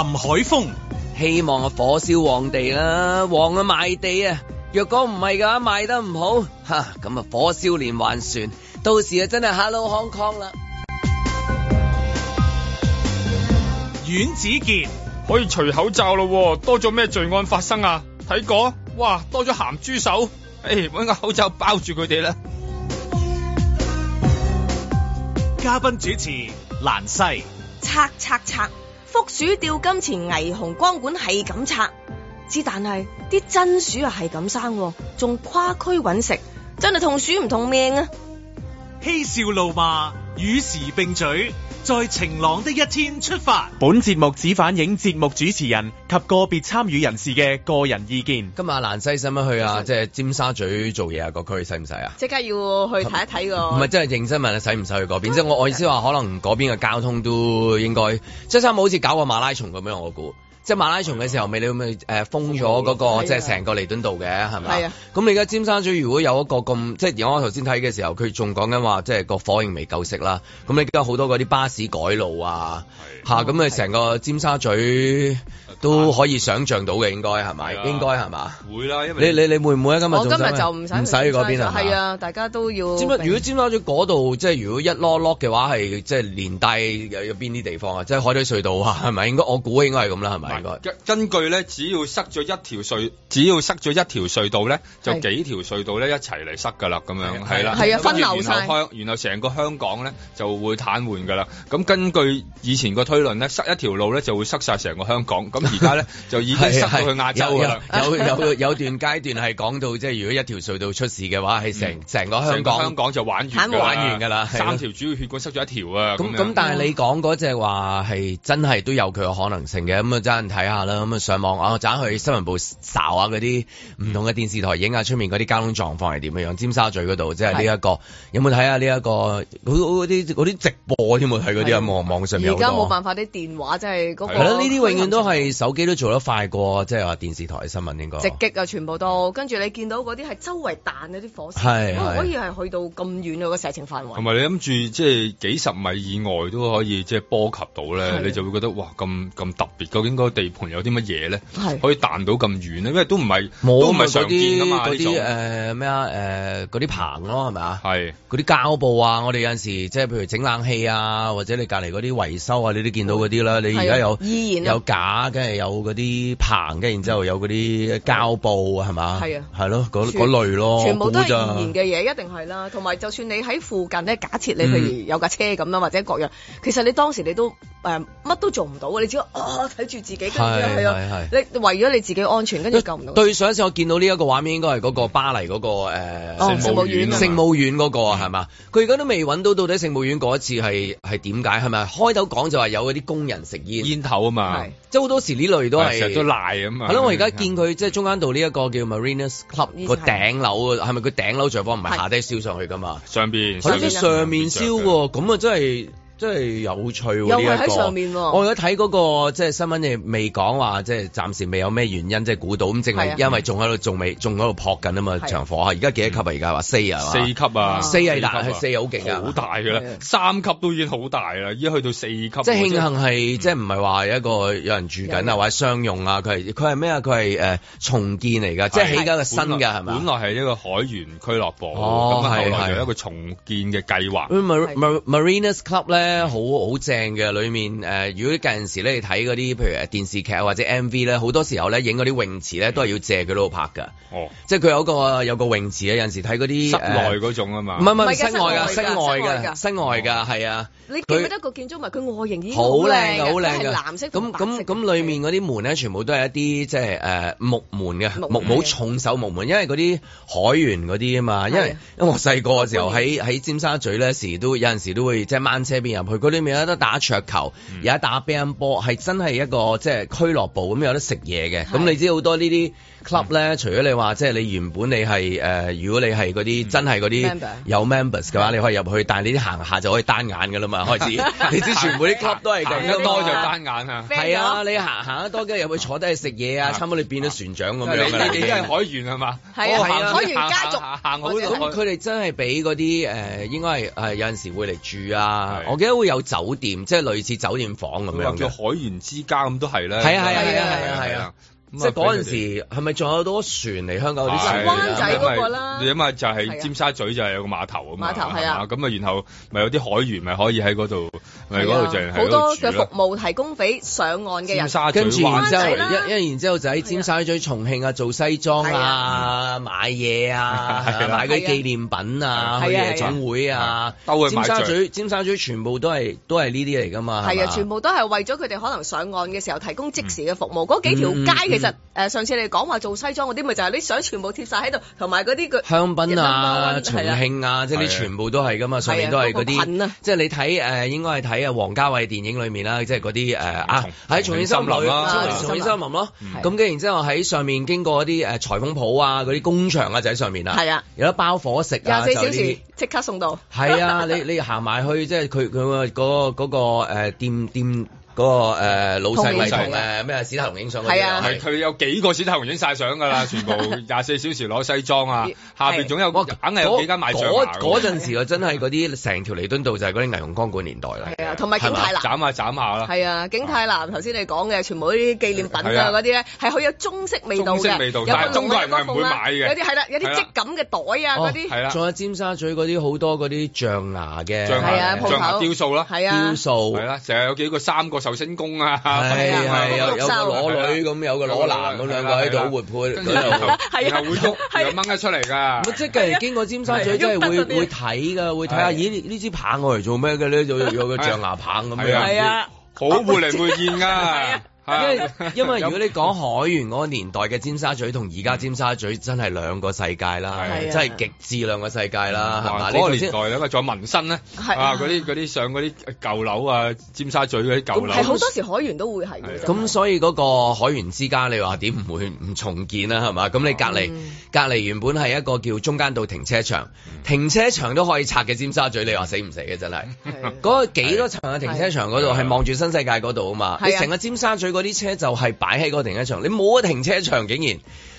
林海峰，希望啊火燒旺地啦，旺啊賣地啊，若果唔係噶，賣得唔好，哈咁啊火燒連環船，到時啊真係 Hello Hong Kong 啦。阮子健可以除口罩咯，多咗咩罪案發生啊？睇過？哇，多咗鹹豬手，誒、哎，搵個口罩包住佢哋啦。嘉賓主持蘭西，拆拆拆。屋鼠吊金錢，霓虹光管係咁拆，只但係啲真鼠啊係咁生，仲跨區揾食，真係同鼠唔同命啊！嬉笑怒罵，與時並進。在晴朗的一天出發。本節目只反映節目主持人及個別參與人士嘅個人意見。今日阿蘭西使唔使去啊？即係尖沙咀做嘢啊，個區使唔使啊？即刻要去睇一睇個。唔係，即係認真問你使唔使去嗰邊？即係我我意思話，可能嗰邊嘅交通都應該。即係三五好似搞個馬拉松咁樣，我估。即係馬拉松嘅時候會會，咪、啊啊、你咪誒封咗嗰個即係成個彌敦道嘅，係咪？咁你而家尖沙咀如果有一個咁，即係而我頭先睇嘅時候，佢仲講緊話，即係個火仍未夠熄啦。咁你而家好多嗰啲巴士改路啊，吓、啊，咁、啊、你成個尖沙咀都可以想像到嘅，應該係咪、啊？應該係嘛？會啦，因為你你你，你會唔會今日我今日就唔使唔使去嗰邊啊？係啊，大家都要尖。如果尖沙咀嗰度即係如果一攞攞嘅話，係即係連帶有邊啲地方啊？即係海底隧道啊？係咪？應該我估應該係咁啦，係咪？根根據咧，只要塞咗一條隧，只要塞咗一條隧道咧，就幾條隧道咧一齊嚟塞噶啦，咁樣係啦，係啊，分流曬，然後成個香港咧就會癱瘓噶啦。咁根據以前個推論咧，塞一條路咧就會塞晒成個香港。咁而家咧就已經塞到去亞洲噶啦。有有有，有， 有，有，有，有，有段階段係講到，即係如果一條隧道出事嘅話，係成成個香港個香港就玩完玩完噶啦。三條主要血管塞咗一條啊。咁咁，但係你講嗰隻話係真係都有佢嘅可能性嘅。咁啊睇下啦，咁啊上網啊，我掙去新聞部查下嗰啲唔同嘅電視台，影下出面嗰啲交通狀況係點樣，尖沙咀嗰度即係呢一個，有冇睇下呢一個？嗰啲啲直播添，冇睇嗰啲啊，網網上面而家冇辦法啲電話，即係嗰個呢啲永遠都係手機都做得快過，即係話電視台新聞應該、那個、直擊啊，全部都跟住你見到嗰啲係周圍彈嗰啲火，係唔可以係去到咁遠個射程範圍？同埋你諗住即係幾十米以外都可以即係波及到咧？你就會覺得哇咁咁特別，究竟地盤有啲乜嘢咧？可以彈到咁遠咧？因為都唔係冇都唔係常見啊嘛。嗰啲誒咩啊？誒嗰啲棚咯，係咪啊？係嗰啲膠布啊！我哋有陣時即係譬如整冷氣啊，或者你隔離嗰啲維修啊，你都見到嗰啲啦。你而家有、啊、依然、啊、有假梗係有嗰啲棚，跟然之後有嗰啲膠布，係嘛？係啊，係、啊、咯，嗰嗰類咯，全，全部都係依然嘅嘢，一定係啦。同埋就算你喺附近咧，假設你譬如有架車咁樣、嗯，或者各樣，其實你當時你都誒乜、呃、都做唔到啊！你只要睇住自。係係啊！你為咗你自己安全，跟住救唔到。對上一次我見到呢一個畫面，應該係嗰個巴黎嗰個誒聖母院。聖母院嗰個啊，係嘛？佢而家都未揾到到底聖母院嗰一次係係點解？係咪開頭講就話有嗰啲工人食煙煙頭啊嘛？即好多時呢類都係。成日都賴咁啊！係咯，我而家見佢即係中間度呢一個叫 Marina's Club 個頂樓啊，係咪佢頂樓著火，唔係下低燒上去㗎嘛？上邊。喺啲上面燒喎，咁啊真係。真係有趣喎、啊、呢、這個，我而家睇嗰個即係新聞，亦未講話，即係暫時未有咩原因，即係估到咁，淨係因為仲喺度，仲未仲喺度撲緊啊嘛，場火啊！而家幾多級啊？而家話四啊，四級啊，四係大、啊，四好勁啊，好、啊啊、大㗎啦，三級都已經好大啦，而家去到四級、啊，即、就係、慶幸係、嗯、即係唔係話一個有人住緊啊，或者商用啊？佢係佢係咩啊？佢係誒重建嚟㗎，即係起緊個新嘅係咪？本來係一個海員俱樂部，咁、哦、啊後來有一個重建嘅計劃。Mar Mar Marinas Club 咧。好好正嘅，裏面誒、呃，如果近陣時咧，你睇嗰啲譬如電視劇或者 M V 咧，好多時候咧影嗰啲泳池咧，都係要借佢度拍噶。哦即是他，即係佢有個有個泳池啊，有陣時睇嗰啲室內嗰種啊嘛，唔係唔係室外噶，室外噶，室外噶，係、哦、啊。你記得個建築物，佢外形已經好靚嘅，好靚藍色咁咁咁，裏面嗰啲門咧，全部都係一啲即係誒木門嘅木，木，好重手木門，因為嗰啲海員嗰啲啊嘛，因為因為我細個嘅時候喺喺尖沙咀咧，時都有陣時候都會即係掹車邊。入去裡面有得打桌球，嗯、有得打 band 乒乓波，係真係一個即係、就是、俱樂部咁，有得食嘢嘅。咁你知好多呢啲。club 咧，除咗你話即係你原本你係誒、呃，如果你係嗰啲真係嗰啲有 members 嘅話、嗯，你可以入去，但係你啲行一下就可以單眼嘅啦嘛，開始 你之前部啲 club 都係咁，行多，行多就單眼啊。係啊，你行行得多嘅入去坐低去食嘢啊， 差唔多你變咗船長咁樣、啊啊、你你幾間海員係嘛？係 啊、哦、啊，啊，海員家族。行，行，行，行，行好咁，佢哋真係俾嗰啲誒，應該係係、呃、有陣時會嚟住啊。我記得會有酒店，即係類似酒店房咁樣嘅。叫海員之家咁都係啦。係啊係啊係啊係啊！咁啊！嗰陣時係咪仲有好多船嚟香港啲船？灣仔嗰個啦，起碼就係尖沙咀就係有個碼頭嘛，碼頭是啊嘛。碼頭係啊，咁啊，啊，然後咪有啲海員咪可以喺嗰度，咪嗰度就係好多嘅服務提供俾上岸嘅人。跟住然之後，一一然之後就喺、是、尖沙咀、重慶啊，啊，做、啊、西裝啊、啊買嘢啊、啊買啲紀念品啊，去夜總會啊。尖沙咀、尖沙咀全部都係都係呢啲嚟㗎嘛。係啊，全部都係為咗佢哋可能上岸嘅時候提供即時嘅服務。嗰幾條街其其實誒、呃，上次你講話做西裝嗰啲，咪就係啲相全部貼晒喺度，同埋嗰啲個香檳啊，啊、重慶啊，啊，即係你全部都係噶嘛是、啊，上面都係嗰啲。即係你睇誒、呃，應該係睇阿王家衛電影裏面啦，即係嗰啲誒啊喺、啊、重慶森林啊，啊重慶森林咯、啊。咁、啊、跟、啊嗯啊、然之後喺上面經過嗰啲誒裁縫鋪啊，嗰啲工場啊，就喺上面啦、啊。係啊，有一包伙食廿、啊、四小時，即刻送到。係啊， 你你行埋去即係佢佢個、那個誒店店。那個那個那個那個嗰、那個、呃、老細嚟熊咩史泰龍影相嗰啊，係啊，佢有幾個史泰龍影曬相㗎啦，全部廿四小時攞西裝啊， 下面還有、 嗯、總有個硬係有幾間賣象牙，嗰陣時真係嗰啲成條彌敦道就係嗰啲霓虹光管年代啦，同埋景泰藍，斬下斬下啦。係啊，景泰藍頭先你講嘅，全部啲紀念品啊嗰啲咧係好有中式味道，中式味道，但係中國人係唔會買嘅。有啲係啦，有啲質感嘅袋啊嗰啲。仲有尖沙咀嗰啲好多嗰啲象牙嘅。象牙雕塑啦。係啊。雕塑。係啦，成日有幾個三個。球星公啊，係 係、啊啊啊、有，有個裸女咁、啊，有個裸男咁，兩、啊、個喺度好活潑。跟住又會喐，又掹得出嚟噶。即係、啊啊、經過尖沙咀，真係會會睇噶，會睇下咦呢支棒我嚟做咩嘅咧？就有，有個象牙棒咁樣，係啊，好會嚟會見噶。 因為如果你講海員嗰個年代嘅尖沙咀同而家尖沙咀真係兩個世界啦、啊，真係極致兩個世界啦，係、嗯、嘛？嗰、啊嗰個年代，兩個仲有民生咧、啊，啊嗰啲嗰啲上嗰啲舊樓啊，尖沙咀嗰啲舊樓，係好多時海員都會係。咁、啊、所以嗰個海員之家，你話點唔會唔重建啦？係、啊、嘛？咁你隔離。嗯隔離原本係一個叫中間道停車場，停車場都可以拆嘅。尖沙咀你話死唔死嘅真係？嗰個、啊、幾多層嘅停車場嗰度係望住新世界嗰度啊嘛！你成個尖沙咀嗰啲車就係擺喺嗰停車場，你冇咗停車場竟然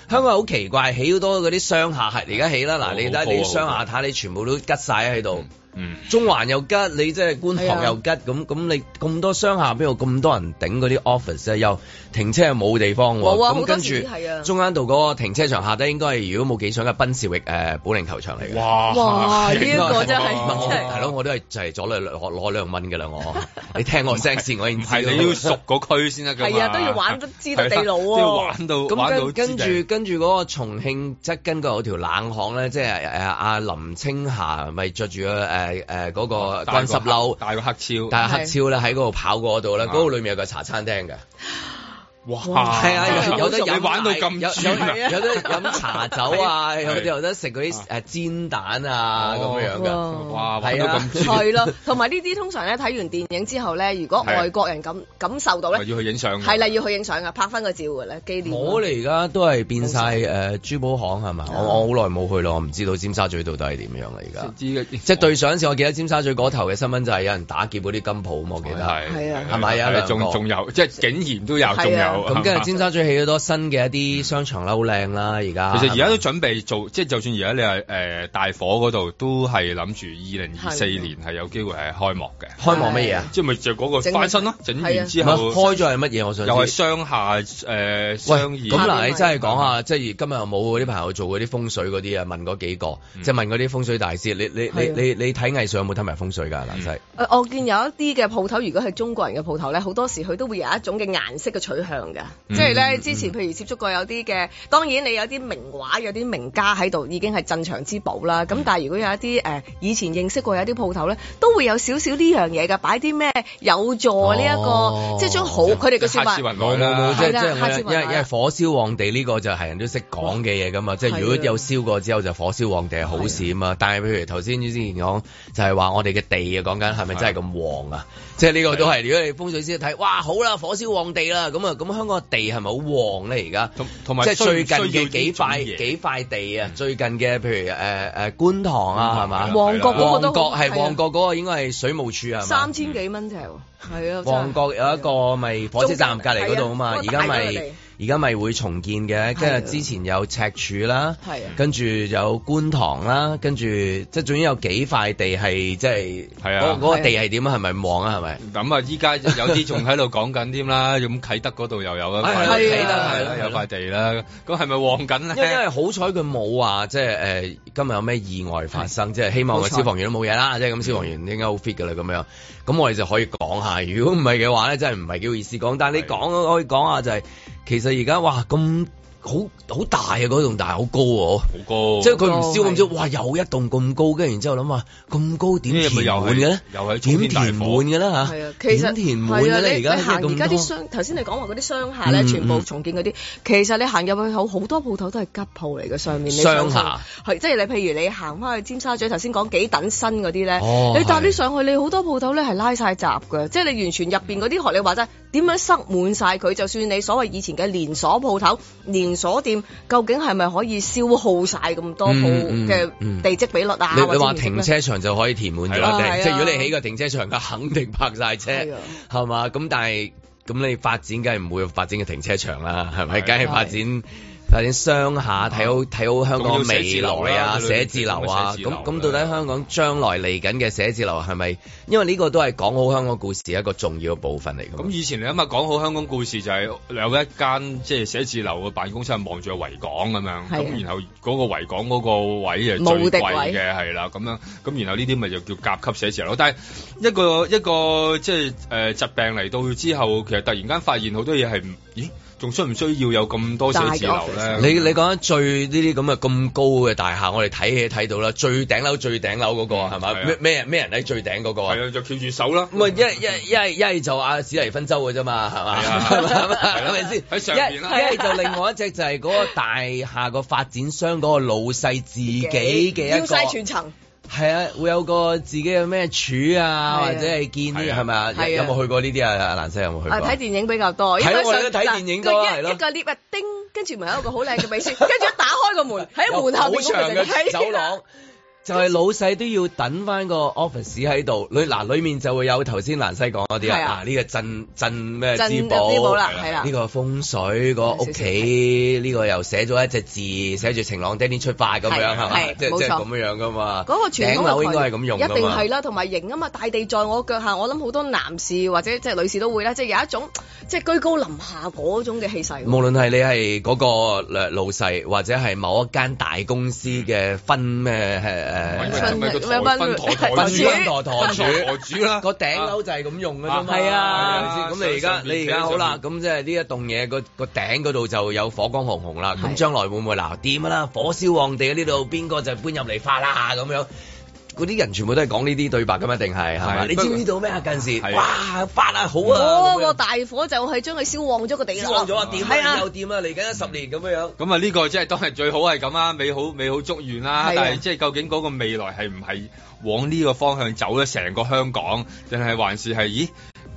香港好奇怪，起好多嗰啲商廈係而家起啦，嗱你睇下啲商廈睇你全部都吉晒喺度。嗯、中環又吉，你即係觀塘又吉。咁咁、啊、你咁多商廈邊度咁多人頂嗰啲 office 又停車又冇地方喎。咁、啊、跟住、啊，中間度嗰個停車場下低應該係如果冇幾想嘅賓士域誒保齡球場嚟嘅。哇！呢個、這個真係。係咯，我都係就係左兩攞兩蚊㗎啦，我。 你聽我聲先， 我已經知。係你要熟嗰區先得㗎係啊，都要玩得知道地佬啊。玩到。咁跟住跟住嗰個重慶即根經過嗰條冷巷咧，即係阿、呃、林青霞咪着住誒、呃、誒，嗰、呃那個乾濕褸，帶，個黑，帶個黑超，但係黑超咧喺嗰度跑過嗰度咧，嗰度裏面有個茶餐廳嘅。哇！係啊，有，有得玩到咁專有得飲茶酒啊，啊啊有得食嗰啲誒煎蛋啊咁、哦、樣樣噶，哇！玩到咁趣咯，同埋呢啲通常咧睇完電影之後咧，如果外國人感、啊、感受到咧，要去影相係啦，要去影相啊，拍翻個照嚟紀念。我哋而家都係變晒誒、呃、珠寶行係咪、啊？我好耐冇去咯，我唔知道尖沙咀到底係點樣啦。而家即係對上一次我記得尖沙咀嗰頭嘅新聞就係有人打劫嗰啲金鋪，我記得係係啊，係咪啊？仲仲有即係竟然都有仲有。咁跟住尖沙咀起咗多新嘅一啲商場、嗯、啦，好靚啦，而家其實而家都準備做，即係就算而家你係誒、呃、大火嗰度，都係諗住二零二四年係有機會係開幕嘅。開幕乜嘢啊？即係咪就嗰個翻新咯？整完之後、啊、開咗係乜嘢？我想又係商下誒、呃、商業。咁嗱，你真係講下，嗯、即係今日有冇啲朋友做嗰啲風水嗰啲啊，問嗰幾個，嗯、即係問嗰啲風水大師。你你、啊、你你你睇藝術有冇睇埋風水㗎？嗱、嗯、係、嗯呃，我見有一啲嘅鋪頭，如果係中國人嘅鋪頭咧，好多時佢都會有一種嘅顏色嘅取向。嘅、嗯，即係咧之前，譬如接觸過有啲嘅，當然你有啲名畫，有啲名家喺度已經係鎮場之寶啦。咁但係如果有一啲誒、呃、以前認識過有啲鋪頭咧，都會有少少呢樣嘢嘅，擺啲咩有助呢一、呢個，哦、即係將好佢哋嘅説法。即係、嗯、即係因，因為火燒旺地呢個就係人都識講嘅嘢噶嘛。即係如果有燒過之後就火燒旺地係好事啊嘛。但係譬如頭先之前講就係、是、話我哋嘅地是是啊，講緊係咪真係咁旺啊？即係呢個都係如果你風水師睇，哇好啦，火燒旺地啦，咁啊咁。香港地係咪好旺咧？而家同同埋即係最近嘅幾塊幾塊地啊！嗯、最近嘅，譬如誒誒、呃呃、觀塘啊，係嘛，旺角，旺角係旺角嗰個應該係水務署，係咪？三千幾蚊尺，係、嗯、啊！旺角有一個咪火車站隔籬嗰度啊嘛，而家咪。而家咪會重建嘅，跟住之前有赤柱啦，跟住有觀塘啦，跟住即係總之有幾塊地係即係、係、啊，嗰個地係點啊？係咪旺啊？係咪？咁啊，依家有啲仲喺度講緊添啦，咁啟德嗰度又有啦，啟德係啦，有塊地啦，咁係咪旺緊咧？因為，因為好彩佢冇話即係、呃今日有咩意外發生？即係希望個消防員都冇嘢啦，即係咁消防員應該好 fit 㗎啦，咁樣咁我哋就可以講下。如果唔係嘅話咧，真係唔係幾好意思講。但係你講可以講下就係、是，其實而家哇咁。好好大啊！嗰棟但係好高喎，好高，即係佢唔燒咁多，哇！又一棟咁高，跟住然之後諗下咁高點填滿嘅，又係點填滿嘅啦嚇？係啊，其實點填滿嘅？你你行而家啲商頭先你講話嗰啲商廈咧，全部重建嗰啲，其實你行入去有好多鋪頭都係吉鋪嚟嘅。上面商廈係即係你譬如你行翻去尖沙咀頭先講幾等新嗰啲咧，你搭啲上去，你好多鋪頭咧係拉曬閘㗎，即係你完全入邊嗰啲學你話齋點樣塞滿曬佢，就算你所謂以前嘅連鎖鋪頭連連鎖店究竟係咪可以消耗晒咁多舖嘅地積比率啊？嗯嗯嗯、你你話停車場就可以填滿咗，啊啊，即係如果你起個停車場，佢肯定泊晒車，係嘛，啊？咁但係咁你發展，梗係唔會發展嘅停車場啦，係咪，啊？梗係、啊、發展。睇啲商廈，睇好睇好香港未來啊，寫字樓啊，咁咁、啊啊、到底香港將來嚟緊嘅寫字樓係咪？因為呢個都係講好香港故事一個重要嘅部分嚟嘅、嗯。咁以前你諗下講好香港故事就係有一間即係寫字樓嘅辦公室係，望住維港咁樣。咁然後嗰個維港嗰個位係最貴嘅，係啦咁樣。咁、啊、然後呢啲咪就叫甲級寫字樓。但係一個一個即係誒疾病嚟到之後，其實突然間發現好多嘢係唔咦？仲需唔需要有咁多寫字樓咧？你你講最呢啲咁嘅咁高嘅大廈，我哋睇起睇到啦，最頂樓最頂樓嗰個係咪？咩、嗯、咩、啊、人喺最頂嗰、嗰個係啊，就翹住手啦唔係一一一一係就阿史尼芬州嘅啫嘛，係咪？係咪先？喺、啊 啊啊、上邊啦 一。一係就另外一隻就係嗰個大廈個發展商嗰個老細自己嘅一個要晒全層。係啊，會有個自己嘅咩柱啊，啊，或者係見啲，係咪啊，啊？有冇去過呢啲啊？阿蘭有冇去過？睇電影比較多。睇我哋都睇電影咯，係咯。一個 lift 叮跟住埋喺一個好靚嘅米先，跟住 一打開個門，喺門後邊走廊。 就係、是、老細都要等翻個 office 喺度，裏嗱裏面就會有頭先蘭西講嗰啲啊，呢、啊這個鎮鎮咩？鎮，鎮之寶啦，係啦，呢、啊這個風水、啊那個屋企，呢、啊這個又寫咗一隻字，寫住晴朗爹哋出發咁樣係、啊啊啊啊啊啊啊、嘛？即即咁樣樣噶嘛？嗰個頂樓應該係咁用㗎嘛，一定係啦，同埋型啊嘛，大地在我腳下，我諗好多男士或者即係女士都會啦，即、就、係、是、有一種即係、就是、居高臨下嗰種嘅氣勢。無論係你係嗰個老細，或者係某一間大公司嘅分咩、嗯誒、哎，分台台主，分台台 分台台主啦。個 頂樓就係咁用嘅啫嘛。係啊，咁、啊啊啊啊啊啊啊、你而家你而家好啦，咁即係呢一棟嘢個個頂嗰度就有火光紅紅啦。咁、啊、將來會唔會嗱掂啦？火燒旺地呢度，邊個就搬入嚟發啦咁樣。嗰啲人全部都係講呢啲對白㗎嘛？定係係你知唔知道咩？近時哇，發啊好啊！嗰個大火就係將佢燒旺咗個地下，燒旺咗啊！掂又點啊！嚟緊十年咁、嗯嗯、樣樣。咁啊，呢個即係都係最好係咁啊！美好美好祝願啦。但係即係究竟嗰個未來係唔係往呢個方向走咧？成個香港定係還是係？咦，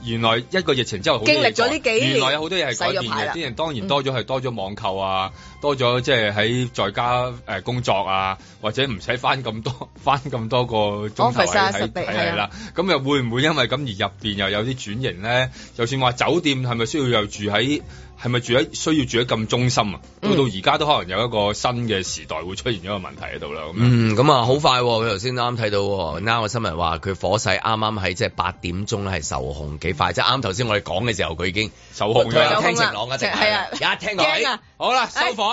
原來一個疫情之後經歷咗呢幾年，原來有好多嘢改變。啲人當然多咗係多咗網購啊。嗯多咗即係喺在家工作啊，或者唔使翻咁多翻咁多個鐘頭係啦。咁、嗯、又會唔會因為咁而入面又有啲轉型咧？就算話酒店係咪需要又住喺係咪住喺需要住喺咁中心啊、嗯？到到而家都可能有一個新嘅時代會出現咗個問題喺度啦。咁嗯，咁啊好快，佢頭先啱睇到啱、啊、個新聞話佢火勢啱啱喺即係八點鐘係受控幾快，即係啱頭先我哋講嘅時候佢已經受控咗、啊啊、啦。聽直講一直係啊，一聽到好啦收火、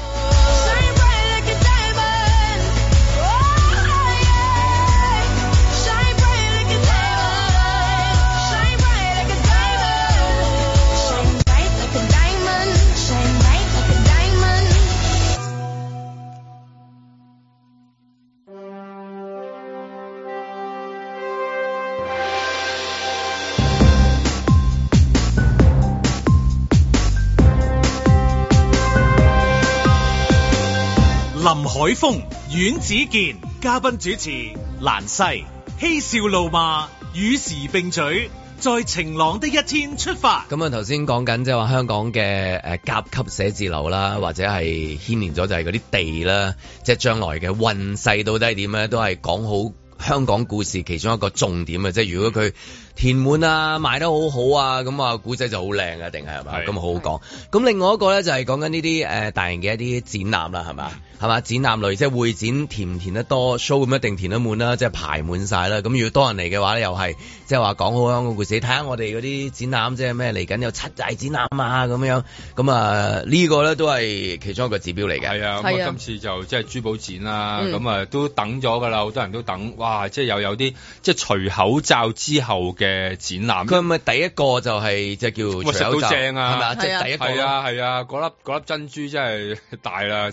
林海峰、阮子健嘉賓主持，蘭西嬉笑怒罵，與時並舉，在晴朗的一天出發。咁啊，頭先講緊即係話香港嘅誒甲級寫字樓啦，或者係牽連咗就係嗰啲地啦，即係將來嘅運勢到底係點咧？都係講好香港故事其中一個重點啊！即係如果佢。填滿啊，賣得好好啊，咁、嗯、啊古仔就好靚嘅，定係係嘛？咁啊好好講。咁另外一個咧就係、是、講緊呢啲誒大型嘅一啲展覽啦，係嘛？係嘛？展覽類即係會展填唔填得多，show 咁一定填得滿啦、啊，即係排滿晒啦。咁如果多人嚟嘅話咧，又係即係話講好香港故事。你睇下我哋嗰啲展覽即係咩嚟緊有七大展覽啊咁樣。咁啊、呃這個、呢個咧都係其中一個指標嚟嘅。係啊，咁啊我今次就即係、就是、珠寶展啦，咁、嗯、啊、嗯、都等咗㗎啦，好多人都等。哇！即係又有啲即係除口罩之後。嘅展覽，佢係咪第一個就係即係叫除口罩，食到正啊，係咪啊？即係、啊、第一個、就是，係啊係啊，嗰、啊、粒嗰粒珍珠真係大啦、啊，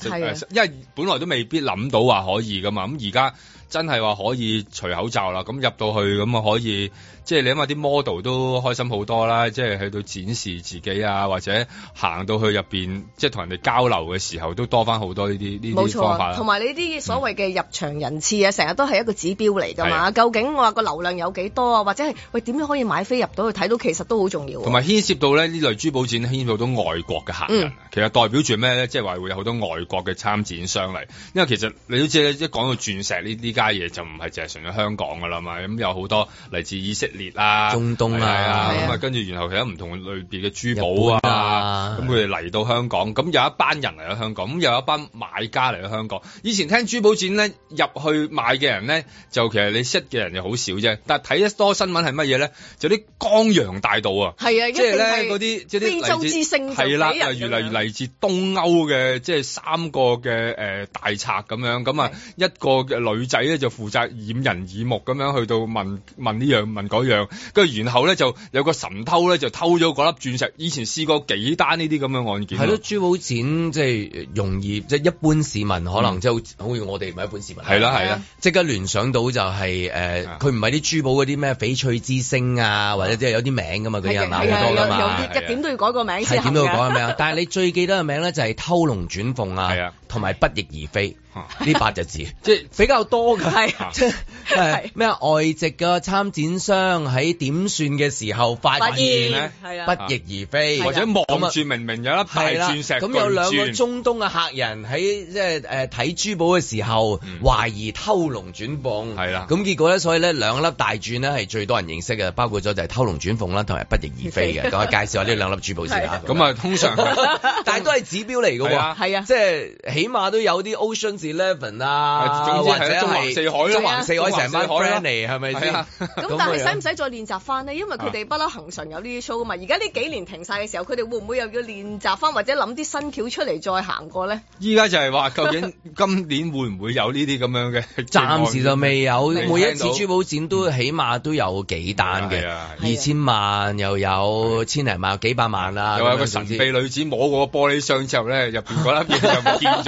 因為本來都未必諗到話可以噶嘛，咁而家真係話可以除口罩啦，咁入到去咁啊可以。即係你諗下啲 model 都開心好多啦，即係去到展示自己啊，或者行到去入面，即係同人哋交流嘅時候都多翻好多呢啲呢啲方法啦。同埋你啲所謂嘅入場人次啊，成、嗯、日都係一個指標嚟㗎嘛。究竟我話個流量有幾多啊？或者係喂點樣可以買飛入到去睇到，其實都好重要。同埋牽涉到咧呢類珠寶展牽涉到外國嘅客人、嗯，其實代表住咩咧？即係話會有好多外國嘅參展商嚟，因為其實你都知咧，一講到鑽石呢呢家嘢就唔係淨係純喺香港㗎啦嘛。咁有好多嚟自以色列。列啊，中東啊，咁啊，啊，啊，啊，跟住然後其他唔同類別嘅珠寶啊，咁佢哋嚟到香港，咁、啊、有一班人嚟到香港，咁有一班買家嚟到香港。以前聽珠寶展咧，入去買嘅人咧，就其實你識嘅人又好少啫。但係睇得多新聞係乜嘢咧？就啲江洋大盜啊，係啊，即係咧嗰啲，即係啲嚟自係啦，越嚟越嚟自東歐嘅，即、就、係、是、三個嘅誒、呃、大賊咁樣。咁啊，啊，一個嘅女仔咧就負責掩人耳目咁樣去到問問呢、這、樣、個、問、這個跟住，然後咧就有個神偷咧就偷咗嗰粒鑽石。以前試過幾單呢啲咁嘅案件。係咯，珠寶展即係容易，即係一般市民可能即係，好似我哋唔係一般市民。係啦係啦，即刻聯想到就係、是、誒，佢唔係啲珠寶嗰啲咩翡翠之星啊，或者即係有啲名噶嘛，佢人好多噶嘛，點都要改個名先。點都要改個名。 但係你最記得嘅名咧就係、是、偷龍轉鳳啊。同埋不翼而飛呢八隻字， 即係比較多嘅係、啊，即咩、啊啊啊、外籍嘅參展商喺點算嘅時候發現咧，不翼、啊、而飛、啊，或者望住明明有粒大鑽石、啊，咁有兩個中東嘅客人喺即係睇珠寶嘅時候懷疑偷龍轉鳳，係啦、啊，咁結果咧，所以呢兩粒大鑽呢係最多人認識嘅，包括咗就係偷龍轉鳳啦，同埋不翼而飛嘅，咁、啊、我介紹下呢兩粒珠寶先啦、啊。咁啊，啊，通常， 但係都係指標嚟嘅喎，啊，即、即係起碼都有啲 Ocean's Eleven 啊，或者係中環四海咯、啊，啊、四海成班 friend 係咪先？咁、啊、 但係使唔使再練習翻呢？因為佢哋不嬲行常有呢啲 show 噶嘛。而家呢幾年停晒嘅時候，佢哋會唔會又要練習翻，或者諗啲新橋出嚟再行過咧？依家就係話，究竟今年會唔會有呢啲咁樣嘅？ 暫時就未有。每一次珠寶展都起碼都有幾單嘅、 嗯，二千萬又有千零萬、幾百萬啦、啊。又有個神秘女子摸過個玻璃箱之後咧，入 面嗰粒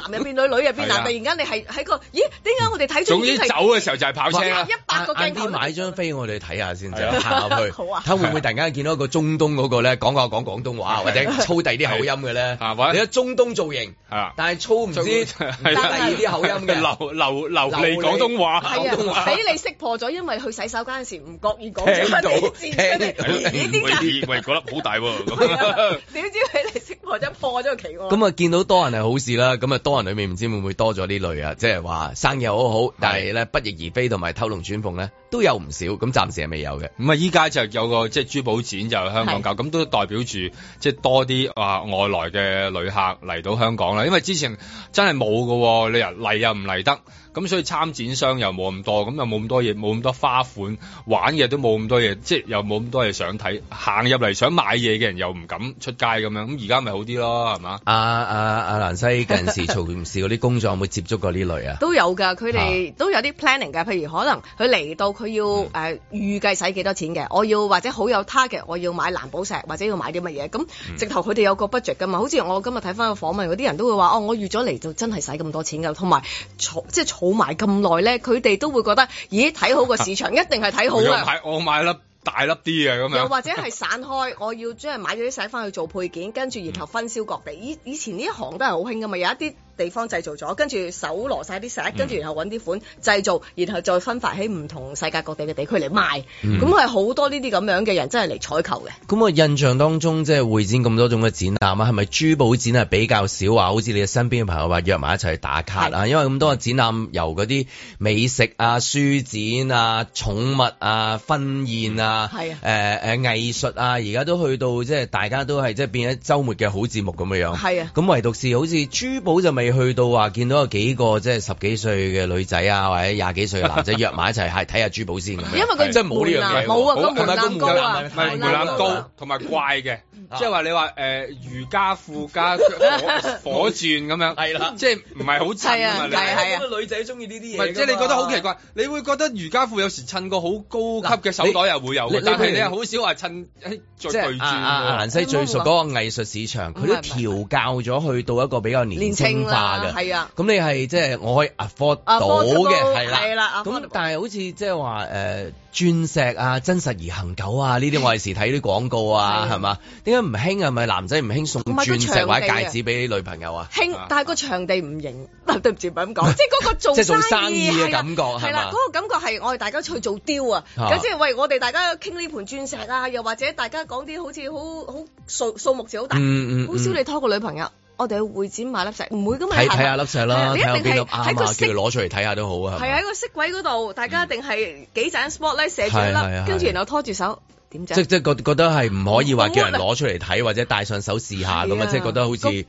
男入變女，女入變男，啊，突然間你係喺個，咦？點解我哋睇總之走嘅時候就係跑車一百個鏡片買張飛，我哋睇下先啫，行落去。好啊。睇會唔會突然間見到一個中東嗰個咧，講講講廣東話，啊、或者粗地啲口音嘅咧？或者、啊啊啊、中東造型，啊、但係粗唔知，啊、但係啲口音嘅流流流利廣東話，係啊，俾、啊、你識破咗， 因為去洗手間時唔覺意講聽。聽到。聽好大喎。點知佢哋識破咗，破咗個咁啊，見到多人係好事啦。咁、那個、啊。多人裏面唔知會唔會多咗呢類啊，即係話生意好好，但係咧不翼而飛同埋偷龍轉鳳咧都有唔少，咁暫時係未有嘅。咁啊，依家就有個即係珠寶展就香港搞，咁都代表住即係多啲啊、呃、外來嘅旅客嚟到香港啦，因為之前真係冇嘅，你啊嚟又唔嚟得。咁、嗯、所以參展商又冇咁多，咁、嗯、又冇咁多嘢，冇咁多花款玩嘅都冇咁多嘢，即係又冇咁多嘢想睇。行入嚟想買嘢嘅人又唔敢出街咁樣，咁而家咪好啲咯，係嘛？啊？阿阿、啊啊、蘭西近時 從事嗰啲工作有冇接觸過呢類啊？都有㗎，佢哋都有啲 planning 㗎。譬如可能佢嚟到佢要誒、嗯呃、預計使幾多錢嘅，我要或者好有 target，我要買藍寶石或者要買啲乜嘢。咁、嗯、直頭佢哋有個 budget 㗎嘛？好似我今日睇翻個訪問，嗰啲人都會話哦，我預咗嚟就真係使咁多錢㗎。同埋從即係從冇埋咁耐咧，佢哋都會覺得，咦，睇好個市場一定係睇好嘅。睇 我，我買粒大粒啲嘅咁樣， 又或者係散開，我要即係買咗啲嘢翻去做配件，跟住然後分銷各地。以、嗯、以前呢一行都係好興㗎嘛，有一啲，地方製造咗，跟住搜羅晒啲石，跟住然後揾啲款製造，然後再分發喺唔同世界各地嘅地區嚟賣。咁係好多呢啲咁樣嘅人，真係嚟採購嘅。咁、嗯、我印象當中即係、就是、會展咁多種嘅展覽啊，係咪珠寶展係比較少啊？好似你嘅身邊嘅朋友話約埋一齊去打卡啊，啊因為咁多嘅展覽由嗰啲美食啊、書展啊、寵物啊、婚宴啊、啊、呃、啊、藝術啊，而家都去到即係大家都係即係變咗週末嘅好節目咁樣。係啊，咁唯獨是好似珠寶就未。你去到話見到有幾個即係十幾歲嘅女仔啊，或者廿幾歲嘅男仔約埋一齊係睇下珠寶先。因為佢真係冇呢樣嘢，冇啊個梅蘭糕，唔係梅蘭同埋怪嘅，即係話你話誒、呃、瑜伽褲加火箭咁 樣，係啦，即係唔係好襯啊？係啊，好多女仔中意呢啲嘢。即、就、係、是、你覺得好奇怪、啊，你會覺得瑜伽褲有時襯個好高級嘅手袋又會有，但係你又好少話襯即係阿阿蘭西最熟嗰個藝術市場，佢、嗯、都調教咗去到一個比較年青。係啊，咁、啊啊啊、你係即係我可以 afford、啊、到嘅，係、啊、啦，咁、啊啊啊啊、但係好似即係話誒，鑽石啊，真實而恒久啊，呢啲我有時睇啲廣告啊，係嘛、啊？點解唔興？係咪男仔唔興送鑽石或者戒指俾女朋友啊？興、啊，但係個場地唔型， 對唔住唔好咁講，即係嗰個做生意嘅 感覺，係啦、啊，嗰、啊那個感覺係我哋大家去做 deal 啊，即係、啊就是、喂，我哋大家傾呢盤鑽石啊，又或者大家講啲好似好好數數目字好大，好、嗯嗯嗯、少你拖個女朋友。我哋去會展買粒石，唔會咁樣睇睇下粒石啦，一定係喺個色攞出嚟睇下都好啊。係喺個色櫃嗰度，大家一定係幾盞 spot 咧，射住粒，跟住然後拖住手點即即覺覺得係唔可以話叫人攞出嚟睇、啊，或者戴上手試下咁啊！樣即覺得好似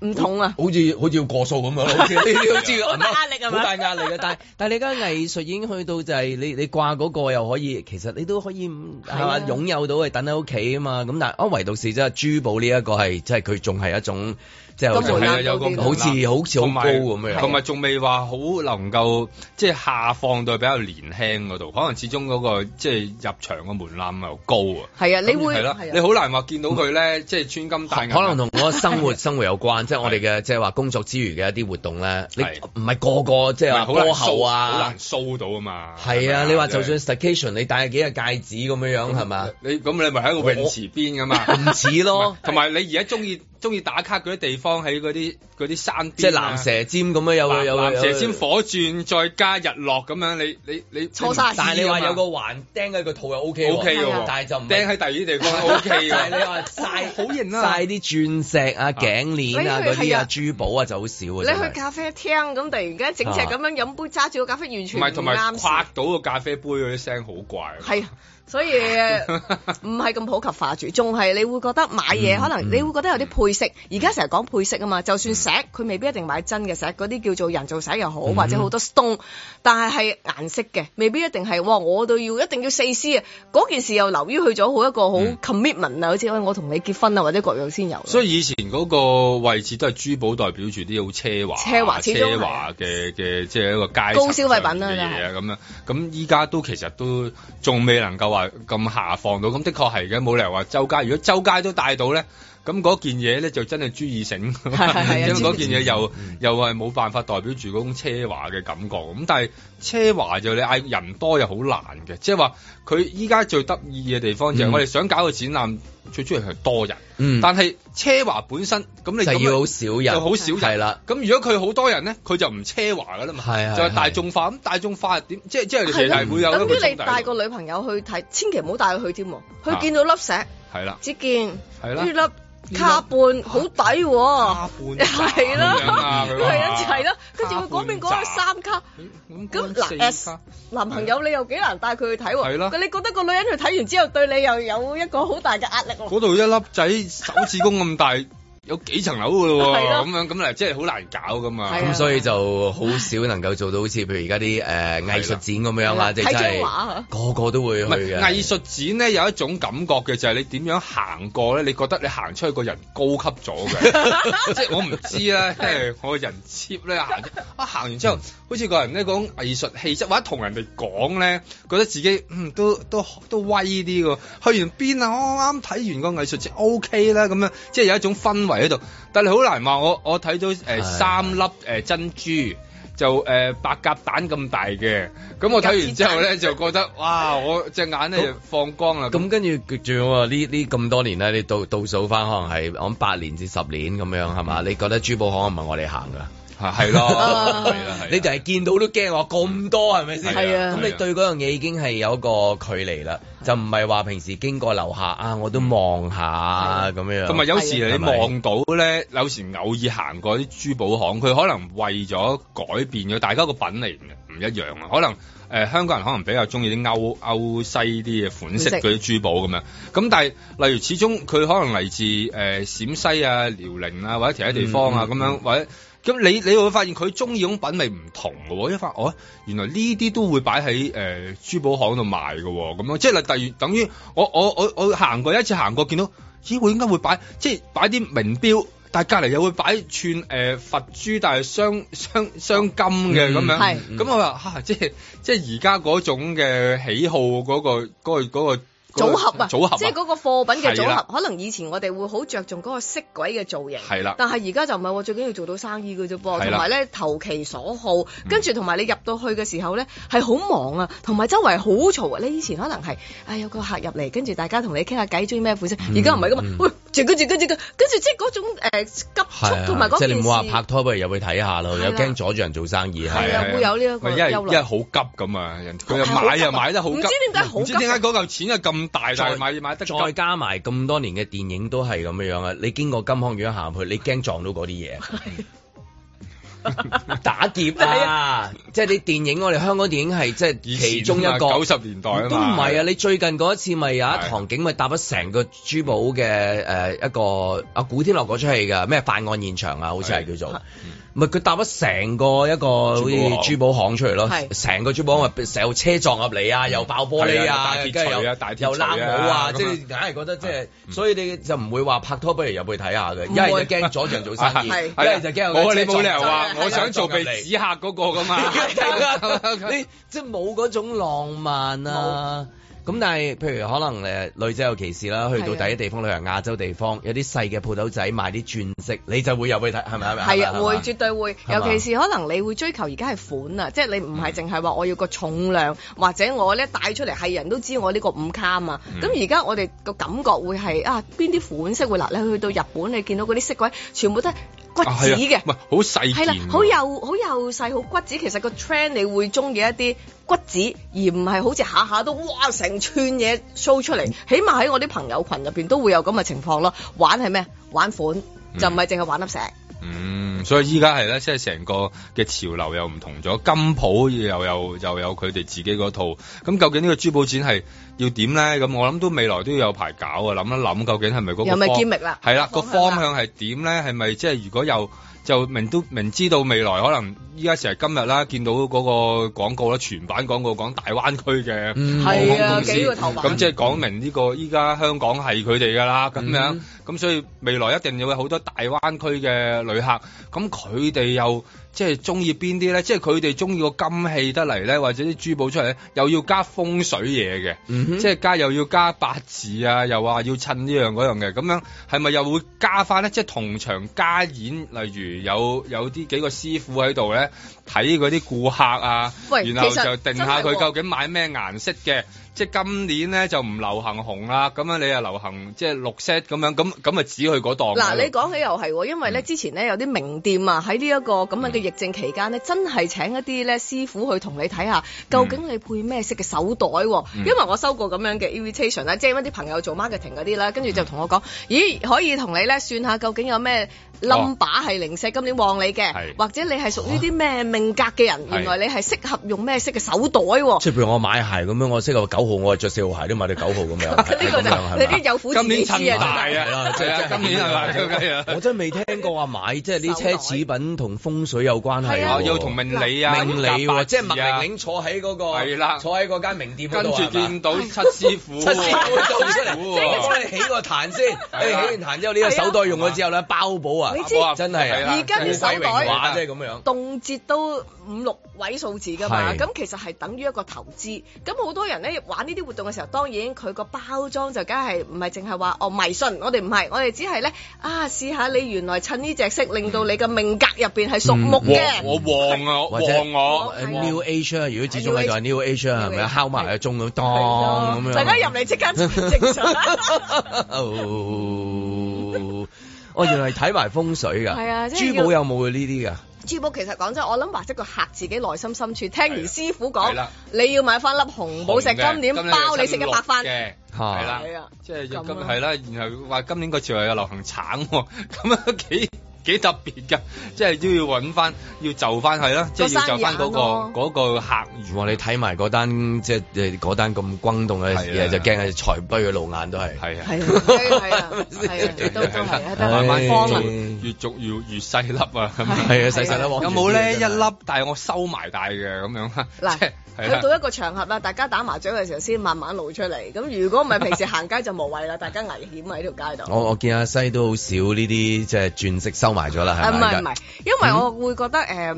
唔同啊，好似好似要過數咁樣好似呢 好，像 好像 壓力、啊、大壓力好大壓力嘅，但但你而家藝術已經去到就係、是、你你掛嗰個又可以，其實你都可以係嘛、啊啊、擁有到係等喺屋企啊嘛。咁但係啊，唯獨是即係珠寶呢一個係，即係佢仲係一種。咁同埋有個好似好似好高咁樣，同埋仲未話好能夠即係下放到比較年輕嗰度，可能始終嗰、嗰個即係入場個門檻又高啊。係啊，你會係咯，你好難話見到佢咧，即係穿金戴銀。可能同我生活生活有關，即係我哋嘅即係話工作之餘嘅一啲活動咧，你唔係個個即係話好落後啊，好難 show、啊、到啊嘛。係啊，你話就算 staycation 你戴幾個戒指咁樣樣係咪？你咁你咪喺個泳池邊㗎嘛，唔似咯，同埋你而家中意。中意打卡嗰啲地方喺嗰啲啲山、啊，即係蚺蛇尖咁啊有啊有蚺蛇尖火轉再加日落咁樣，你你你，晒、OK okay 哦，但係你話有個環釘喺個肚又 O K 喎，但係就唔釘喺第二啲地方 O K 嘅， 你話晒 好型啊，晒啲鑽石啊、頸鏈啊嗰啲啊，啊，啊、珠寶啊就好少、啊。你去，去咖啡廳咁突然間整隻咁樣飲杯，揸住個咖啡完全唔啱。係同埋拍到個咖啡杯嗰啲聲好怪。啊。所以唔係咁普及化住，仲係你會覺得買嘢、嗯嗯、可能你會覺得有啲配飾，而家成日講配飾啊嘛，就算石佢未必一定買真嘅石，嗰啲叫做人造石又好，或者好多 stone，但係係顏色嘅，未必一定係哇！我都要一定要四 C 啊，嗰件事又流於去咗好一個好 commitment 啊、嗯，好似我同你結婚啊或者各樣先有。所以以前嗰個位置都係珠寶代表住啲好奢華奢華奢華嘅嘅，即係、就是、一個階層嘅嘢啊、高消費品啊、咁樣咁依家都其實都仲未能夠話。咁下放到，咁的確係嘅，冇理由話周街。如果周街都帶到咧，咁嗰件嘢咧就真係朱義盛，因為嗰件嘢又、嗯、又係冇辦法代表住嗰種奢華嘅感覺。咁但係奢華就你嗌人多又好難嘅，即係話佢依家最得意嘅地方就係我哋想搞個展覽、嗯。展覽最主要係多人，嗯，但係奢華本身，咁你就要好少人，就好少人啦。咁如果佢好多人咧，佢就唔奢華噶啦嘛，係係，就大眾化。咁大眾化點？即係即係，你係會有咁，等於你帶個女朋友去睇，千祈唔好帶佢去添，佢見到粒石，係啦，只見，係啦，粒。卡半好抵喎，係啦，佢係一齊啦，跟住佢嗰邊講三卡，咁男男朋友你又幾難帶佢去睇喎、啊，但係、啊、你覺得個女人去睇完之後對你又有一個好大嘅壓力喎，嗰度一粒仔手指公咁大。 有幾層樓噶咯喎，咁樣咁嚟，真係好難搞噶嘛。咁、嗯、所以就好少能夠做到，好似譬如而家啲誒藝術展咁樣啦，即係真係個個都會去嘅。藝術展咧有一種感覺嘅，就係、是、你點樣行過咧？你覺得你行出去個人高級咗嘅。 即係我唔知啦、啊，即 為、欸、我人 cheap 咧行，啊行完之後， 好似個人呢講藝術氣質，或者同人哋講咧，覺得自己嗯都都都威啲喎。去完邊啊？我啱睇完個藝術展，O K 啦咁樣，即係有一種氛圍。喺度，但係好難話。我我睇到誒、呃、三粒誒、呃、珍珠，就誒、呃、白鴿蛋咁大嘅。咁我睇完之後咧，就覺得哇！我隻眼咧就放光啦。咁跟住仲住呢呢咁多年咧，你倒倒數翻，可能係我諗八年至十年咁樣係嘛？嗯、你覺得珠寶行唔係我哋行啊？係囉， 是咯 你就係見到都驚話咁多係咪先？咁、 啊、你對嗰樣嘢已經係有一個距離啦，就唔係話平時經過樓下啊，我都望下咁樣。咁、嗯、咪、啊、有時你望到咧，有時偶爾行過啲珠寶行，佢可能為咗改變咗大家個品味唔一樣啊。可能、呃、香港人可能比較中意啲歐歐西啲嘅款式嗰啲珠寶咁樣。咁但係例如始終佢可能嚟自誒陝、呃、西啊、遼寧啊或者其他地方啊咁、嗯嗯、樣，或者。咁你你會發現佢中意種品味唔同嘅喎，一發哦，原來呢啲都會擺喺誒珠寶行度賣嘅喎，咁樣即係例如等於我我我我行過一次行過，見到咦會應該會擺即係擺啲名錶，但隔離又會擺串誒、呃、佛珠，但係鑲鑲鑲，鑲金嘅咁、嗯、樣，咁、嗯、我話嚇、啊、即係即係而家嗰種嘅喜好嗰個嗰嗰個。嗰個嗰個組合，組合啊，組合，即係嗰個貨品嘅組合，可能以前我哋會好着重嗰個色鬼嘅造型，係啦，但係而家就唔係喎，最緊要做到生意嘅啫噃，同埋咧投其所好，跟住同埋你入到去嘅時候咧係好忙啊，同、嗯、埋周圍好嘈，啊。你以前可能係啊、哎、有個客入嚟，跟住大家同你傾下偈，中意咩款式，而家唔係咁嘛。喂。嗯直直直直直直直欸啊、就跟住跟住跟，跟住即係嗰種誒急促同埋嗰件事即係你唔好話拍拖，不如入去睇下咯，有驚、啊、阻住人做生意係。係又、啊啊啊、會有呢一個憂慮。因為因為好急咁啊，佢又買又買得好急。唔知點解嗰嚿錢係咁大，但係買得貴。再加埋咁多年嘅電影都係咁樣樣啊！你經過金康苑行去，你驚撞到嗰啲嘢。 打劫啊！ 啊即係你電影，我 哋香港電影係即係其中一個、啊、九十年代啊嘛，都唔係啊！你最近嗰一次咪有一堂景咪搭咗成個珠寶嘅誒一個啊古天樂嗰出戲嘅咩犯案現場啊，好似係叫做。嗯唔係佢搭咗成個一個好似珠，珠寶行出嚟咯，成個珠寶行入成日車撞入嚟啊，又爆玻璃啊，跟住又大又攬帽啊，即係硬係覺得即係、就係，所以你就唔會話拍拖不如入去睇下嘅，一係就驚阻住做生意，一係就驚我、啊、你冇理由話、啊、我想做被指嚇嗰個噶嘛， 你即係冇嗰種浪漫啊。咁但係，譬如可能誒，女仔有歧視啦。去到第一地方旅行，亞洲地方有啲細嘅鋪頭仔賣啲鑽飾，你就會入去睇，係咪？係咪？係啊，會絕對會。尤其是可能你會追求而家係款啊，即係你唔係淨係話我要個重量，或者我咧帶出嚟係人都知我呢個五卡啊嘛。咁而家我哋個感覺會係啊，邊啲款式會嗱？你去到日本，你見到嗰啲飾櫃，全部都係骨子嘅，唔係好細件，係啦，好幼好幼細好骨子。其實個 trend 你會中意一啲。骨子，而唔係好似下下都哇成串嘢 show 出嚟，起碼喺我啲朋友群入邊都會有咁嘅情況咯。玩係咩？玩款、嗯、就唔係淨係玩粒石。嗯，所以依家係咧，即係成個嘅潮流又唔同咗，金鋪又又又有佢哋自己嗰套。咁究竟呢個珠寶展係要點咧？咁我諗都未來都要有排搞啊！諗一諗究竟係咪有個揭秘啦？係啦，個方向係點咧？係咪即係如果有。就明都明知道未來可能依家成日今日啦，見到嗰個廣告啦，全版廣告講大灣區嘅航空公司，咁即係講明呢個依家香港係佢哋㗎啦，咁樣咁所以未來一定要有好多大灣區嘅旅客，咁佢哋又。即係中意邊啲咧？即係佢哋中意個金器得嚟咧，或者啲珠寶出嚟，又要加風水嘢嘅，嗯，即係加又要加八字啊，又話要襯呢樣嗰樣嘅，咁樣係咪又會加翻咧？即係同場加演，例如有有啲幾個師傅喺度咧睇嗰啲顧客啊，然後就定下佢究竟買咩顏色嘅。即今年咧就唔流行紅啦，咁樣你又流行即係綠色咁樣，咁咁咪止佢嗰檔。嗱你講起又係，因為咧、嗯、之前咧有啲名店啊喺呢一個咁樣嘅疫症期間呢，嗯、真係請一啲咧師傅去同你睇下，究竟你配咩色嘅手袋、啊？嗯、因為我收過咁樣嘅 invitation 啦、啊，即係一啲朋友做 marketing 嗰啲啦，跟住就同我講：嗯、咦，可以同你咧算下究竟有咩冧把係零舍今年旺你嘅，或者你係屬於啲咩命格嘅人？啊、原來你係適合用咩色嘅手袋？即譬如我買鞋咁樣，我適合九。我係着四號鞋都買對九號咁 就是啊就是、樣，你啲有苦自己知係啊，係、啊啊啊啊啊、今年係、啊啊啊啊啊、我真係未聽過話買，即係啲奢侈品同風水有關係啊，要同命理啊，命理即係明影、啊啊啊啊啊就是、坐喺嗰、那個啦、啊，坐喺嗰間名店嗰度，跟住見到七師傅，七師傅到出嚟係幫你起個壇先。你起完壇之後呢個手袋用咗之後咧包保啊，真係而家啲手袋，即係咁樣，凍結到五六位數字㗎嘛。咁其實係等於一個投資。咁好多人咧。玩呢啲活動嘅時候，當然佢個包裝就梗係唔係淨係話哦，迷信，我哋唔係，我哋只係咧啊試下你原來襯呢隻色，令到你個命格入邊係屬木嘅，我、嗯嗯嗯嗯嗯、啊，或我、啊啊。New Age 啊，如果始終喺度 New Age 啊，咪敲埋個鐘，當咁樣，係啊、大家入嚟即刻正常、 哦、我原來睇埋風水噶，係啊，就係、珠寶有冇呢啲噶？珠寶其實講真，我諗或者個客自己內心深處，聽完師傅講，你要買翻粒紅寶石今年包你，你食一百番，係啦，即係咁係啦，然後話今年個潮流又流行橙，咁樣幾幾特別噶，即係都要揾翻要就翻，係啦即係要就翻嗰個嗰個客。如果你睇埋嗰單，即係誒嗰單咁轟動嘅嘢，就驚係財杯嘅路眼都係，係啊，係 啊，係啊，都都係慢慢方。越逐越越細粒啊，係啊，啊細細粒有冇咧一粒，但係我收埋大嘅咁樣，就是、啊？嗱，去到一個場合啦，大家打麻雀嘅時候先慢慢露出嚟。咁如果唔係平時行街就無謂啦， 大家危險啊喺條街度。我我見阿西都好少呢啲即係鑽石收埋咗啦，係。唔係唔係，因為我會覺得誒，而、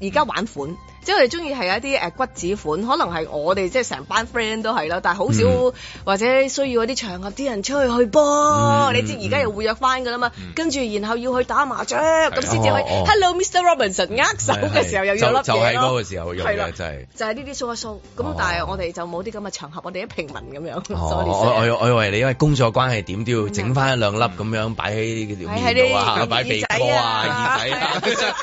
嗯、家玩款。即係我哋中意係一啲誒骨子款，可能係我哋即係成班 friend 都係啦，但係好少、嗯、或者需要嗰啲場合啲人出去去噃、嗯，你知而家又會約翻㗎啦嘛。跟、嗯、住然後要去打麻將，咁先至去 Hello Mr Robinson，握手嘅時候又要粒就喺嗰個時候用。係啦，係。就係呢啲 show 一 show，咁但係我哋就冇啲咁嘅場合，我哋啲平民咁樣、哦我我。我以為你因為工作關係點都要整翻一兩粒咁樣擺喺呢條面度擺鼻哥啊、耳仔啊，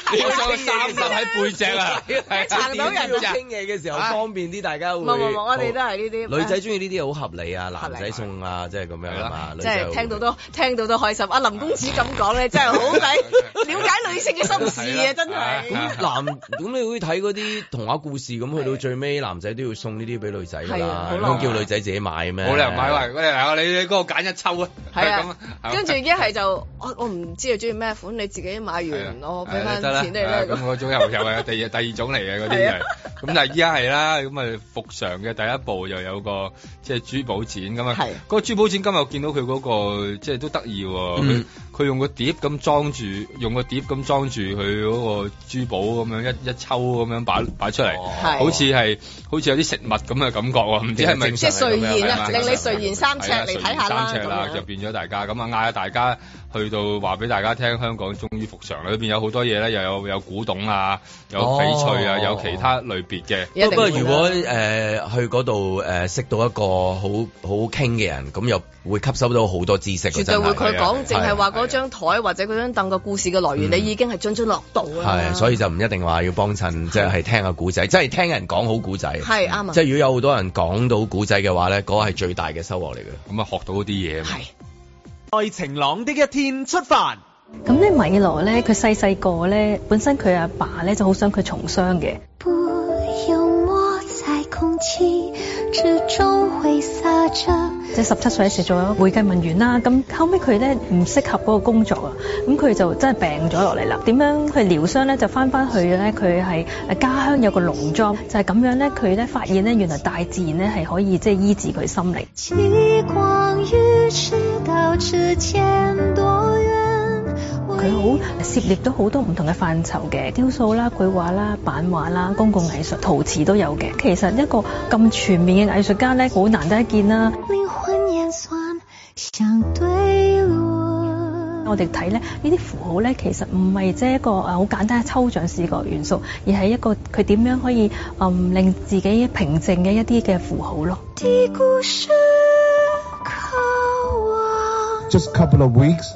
我三粒喺背脊啊。 撐到人啊！傾嘢嘅時候方便啲，大家會。冇冇冇，我哋都係呢啲。女仔中意呢啲好合理啊，男仔送啊，即係咁樣啦。即係、啊、聽到都聽到都開心。啊、林公子咁講咧，真係好鬼了解女性嘅心事啊，真係。咁、啊、男，咁你會睇嗰啲童話故事咁，去到最尾男仔都要送呢啲俾女仔啦，咁、啊、叫女仔自己買咩？我嚟買喂，你你幫揀一抽啊。係啊，跟住一係就我唔知你中意咩款，你自己買完我俾翻錢、啊、你啦。咁、啊、我種又又係第二第二種嚟嘅。 嗰啲嘅，咁 但係依家係啦，咁啊復常嘅第一步又有個即係、就是、珠寶展，咁啊，嗰個珠寶展今日我見到佢嗰、那個，即、就、係、是、都得意喎。嗯佢用個碟咁裝住，用個碟咁裝住佢嗰個珠寶咁樣一一,一抽咁樣擺擺出嚟，哦哦，好似係好似有啲食物咁嘅感覺喎，唔知係咪即係垂涎啊，令你垂涎三尺，嗯啊、你睇下三尺啦，就變咗大家咁，嗯、啊！嗌下大家去到話俾大家聽，香港終於復常啦，裏邊有好多嘢咧，又有有古董啊，有翡翠啊，哦，有其他類別嘅。不，哦，過如果誒、啊呃、去嗰度誒識到一個好好傾嘅人，咁、嗯、又、嗯、會吸收到好多知識。絕對會佢講，淨係話張枱或者嗰張凳嘅故事嘅來源、嗯,你已經係津津樂道啦。係，所以就唔一定話要幫襯，即係聽下古仔，即、就、係、是、聽人講好古仔。係啱。即係、就是、如果有好多人講到古仔嘅話咧，嗰、那個係最大嘅收穫嚟嘅。咁啊，學到啲嘢。係。在晴朗的一天出發。咁呢米羅咧，佢細細個咧，本身佢阿爸咧就好想佢從商嘅。不要空即係十七歲時，做咗會計文員啦。咁後尾佢咧唔適合嗰個工作啊，咁佢就真係病咗落嚟啦。點樣佢療傷咧？就翻返去咧，佢係誒家鄉有個農莊，就係、是，咁樣咧，佢咧發現咧，原來大自然咧係可以即係醫治佢心靈。佢好涉獵到好多唔同嘅範疇嘅雕塑啦、繪畫啦、版畫啦、公共藝術、陶瓷都有嘅。其實一個咁全面嘅藝術家咧，好難得一見啦。我哋睇咧呢啲符號咧，其實唔係即係一個誒好簡單嘅抽象視覺元素，而係一個佢點樣可以誒令自己平靜嘅一啲嘅符號咯。Just couple of weeks.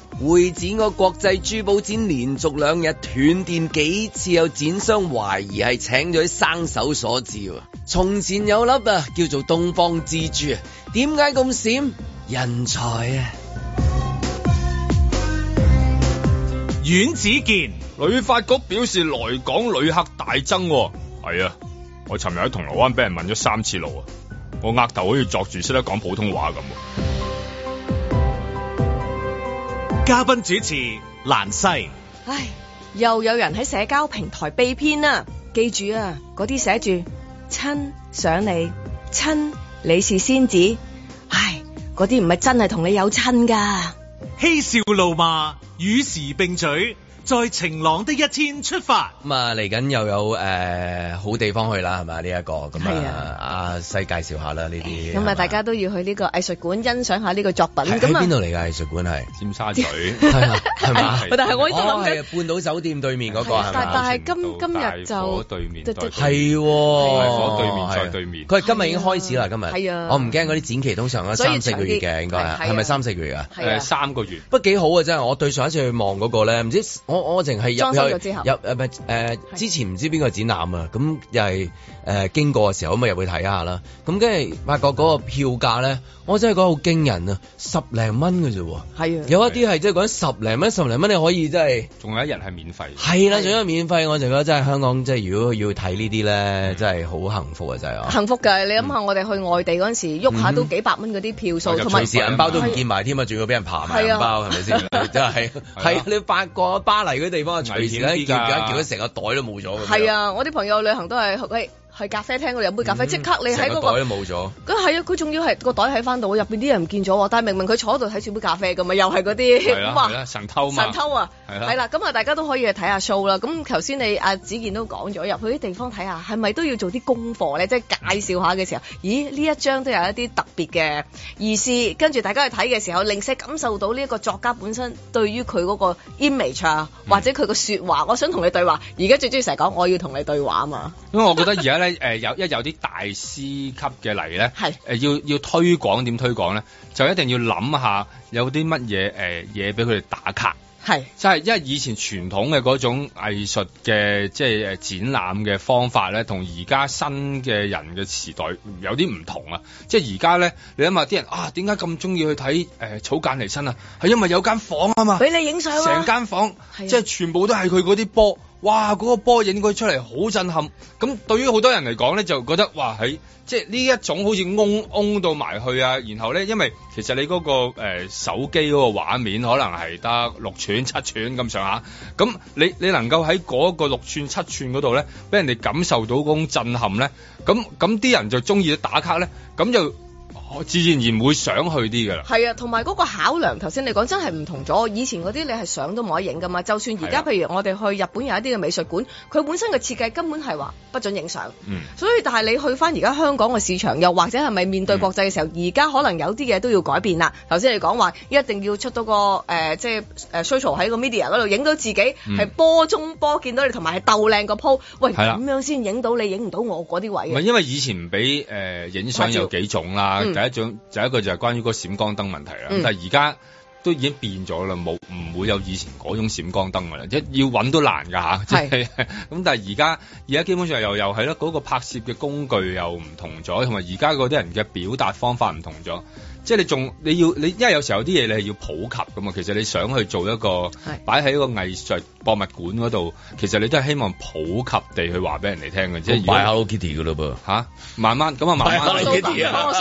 會展個國際珠寶展連續兩日斷電幾次，有展商懷疑係請咗啲生手所致。從前有粒啊，叫做東方之珠，點解咁閃？人才啊！阮子健，旅發局表示來港旅客大增。係啊，我尋日喺銅鑼灣俾人問咗三次路啊，我額頭好似作住識得講普通話咁。嘉賓主持蘭西，唉，又有人喺社交平台被騙啦。記住啊，嗰啲寫住親想你，親你是仙子，唉，嗰啲唔係真係同你有親噶，嬉笑怒罵，與時並嘴。在晴朗的一天出發咁啊，嚟緊又有誒、呃、好地方去啦，係咪？呢、這、一個咁啊？阿、啊、西介紹下啦，呢啲咁啊，嗯、大家都要去呢個藝術館欣賞下呢個作品。咁邊度嚟嘅藝術館係尖沙咀係咪？ 但係我依家諗緊半島酒店對面嗰、那個、啊啊啊啊、但但係今今日就係喎，啊、對面在對面，佢、啊啊、今日已經開始啦。今日、啊、我唔驚嗰啲展期通常三四個月嘅，應該係咪三四個月啊？誒三、啊啊、三個月，不幾好啊！真係我對上一次去望嗰、那個咧，唔知。我我淨係入去之後入入誒咪誒之前唔知邊個展覽啊，咁又係。誒、呃、經過嘅時候，咁咪入去睇下啦。咁跟住發覺嗰個票價咧，我真係覺得好驚人啊！十零蚊嘅啫喎，係啊，有一啲係即係講十零蚊、十零蚊你可以真係。仲有一日係免費。係啦、啊，仲、啊、有免費，我覺得真係香港，即係如、如果要睇呢啲咧，真係好幸福啊！真係。幸福㗎，你諗下，我哋去外地嗰陣時候，喐、嗯、下都幾百蚊嗰啲票數，同、嗯、埋隨時銀包都唔見埋添啊！仲、啊、要俾人扒埋銀包，係咪先？真係係你發覺巴黎嗰啲地方啊，隨時咧揀揀成個袋都冇咗㗎。係啊，啊，我啲朋友旅行都係佢。去咖啡廳嗰度飲杯咖啡，即、嗯、刻你喺嗰、那個、個袋都冇咗。咁係啊，佢仲要係個袋喺翻度，入邊啲人唔見咗。但係明明佢坐喺度睇住杯咖啡噶嘛，又係嗰啲神偷嘛，神偷啊，係啦。咁啊，啊大家都可以去睇下 show 啦。咁頭先你阿、啊、子健都講咗，入去啲地方睇下，係咪都要做啲功課咧？即、就、係、是、介紹下嘅時候，嗯、咦？呢一張都有一啲特別嘅意思。跟住大家去睇嘅時候，令識感受到呢一個作家本身對於佢嗰個 image 啊，嗯、或者佢個說話，我想同你對話。而家最中意成日講，我要同你對話啊嘛。因為我覺得而家咧。 誒、呃，有一有啲大師級嘅嚟咧，係誒、呃、要要推廣點推廣咧，就一定要諗下有啲乜嘢誒嘢俾佢哋打卡，係，就係、是，因為以前傳統嘅嗰種藝術嘅即係展覽嘅方法咧，同而家新嘅人嘅時代有啲唔同啊，即係而家咧，你諗下啲人啊，點解咁中意去睇誒、呃、草間彌生啊？係因為有間房間啊嘛，俾你影相，啊，成間房即係全部都係佢嗰啲波。哇！嗰個波影佢出嚟好震撼，咁對於好多人嚟講咧，就覺得哇喺即係呢一種好似嗡嗡到埋去啊！然後咧，因為其實你嗰個呃手機嗰個畫面可能係得六寸七寸咁上下，咁你你能夠喺嗰個六寸七寸嗰度咧，俾人哋感受到嗰種震撼咧，咁咁啲人就中意打卡咧，咁就。我自然而唔會想去啲嘅啦。係啊，同埋嗰個考量，頭先你講真係唔同咗。以前嗰啲你係相都冇得影噶嘛。就算而家，譬如我哋去日本有一啲嘅美術館，佢本身嘅設計根本係話不准影相。嗯。所以但係你去翻而家香港嘅市場，又或者係咪面對國際嘅時候，而、嗯、家可能有啲嘢都要改變啦。頭先你講話一定要出到個誒、呃，即係誒 social 喺個 media 嗰度影到自己係、嗯、波中波，見到你同埋係鬥靚個 po 喂，係咁樣先影到你，影唔到我嗰啲位。唔係因為以前唔俾誒影相有幾種啦、啊。第一種，就係一個就係關於個閃光燈問題啦、嗯。但係而家都已經變咗啦，冇唔會有以前嗰種閃光燈嘅啦，即係要揾都難㗎嚇。咁、即係、但係而家而家基本上又又係咯，嗰、嗰個拍攝嘅工具又唔同咗，同埋而家嗰啲人嘅表達方法唔同咗。即係你仲你要你，因為有時候有啲嘢你係要普及噶嘛。其實你想去做一個擺喺一個藝術博物館嗰度，其實你都係希望普及地去話俾人哋聽嘅。即係賣 Hello Kitty 㗎喇噃，慢慢咁啊，慢慢。Hello Kitty，啊，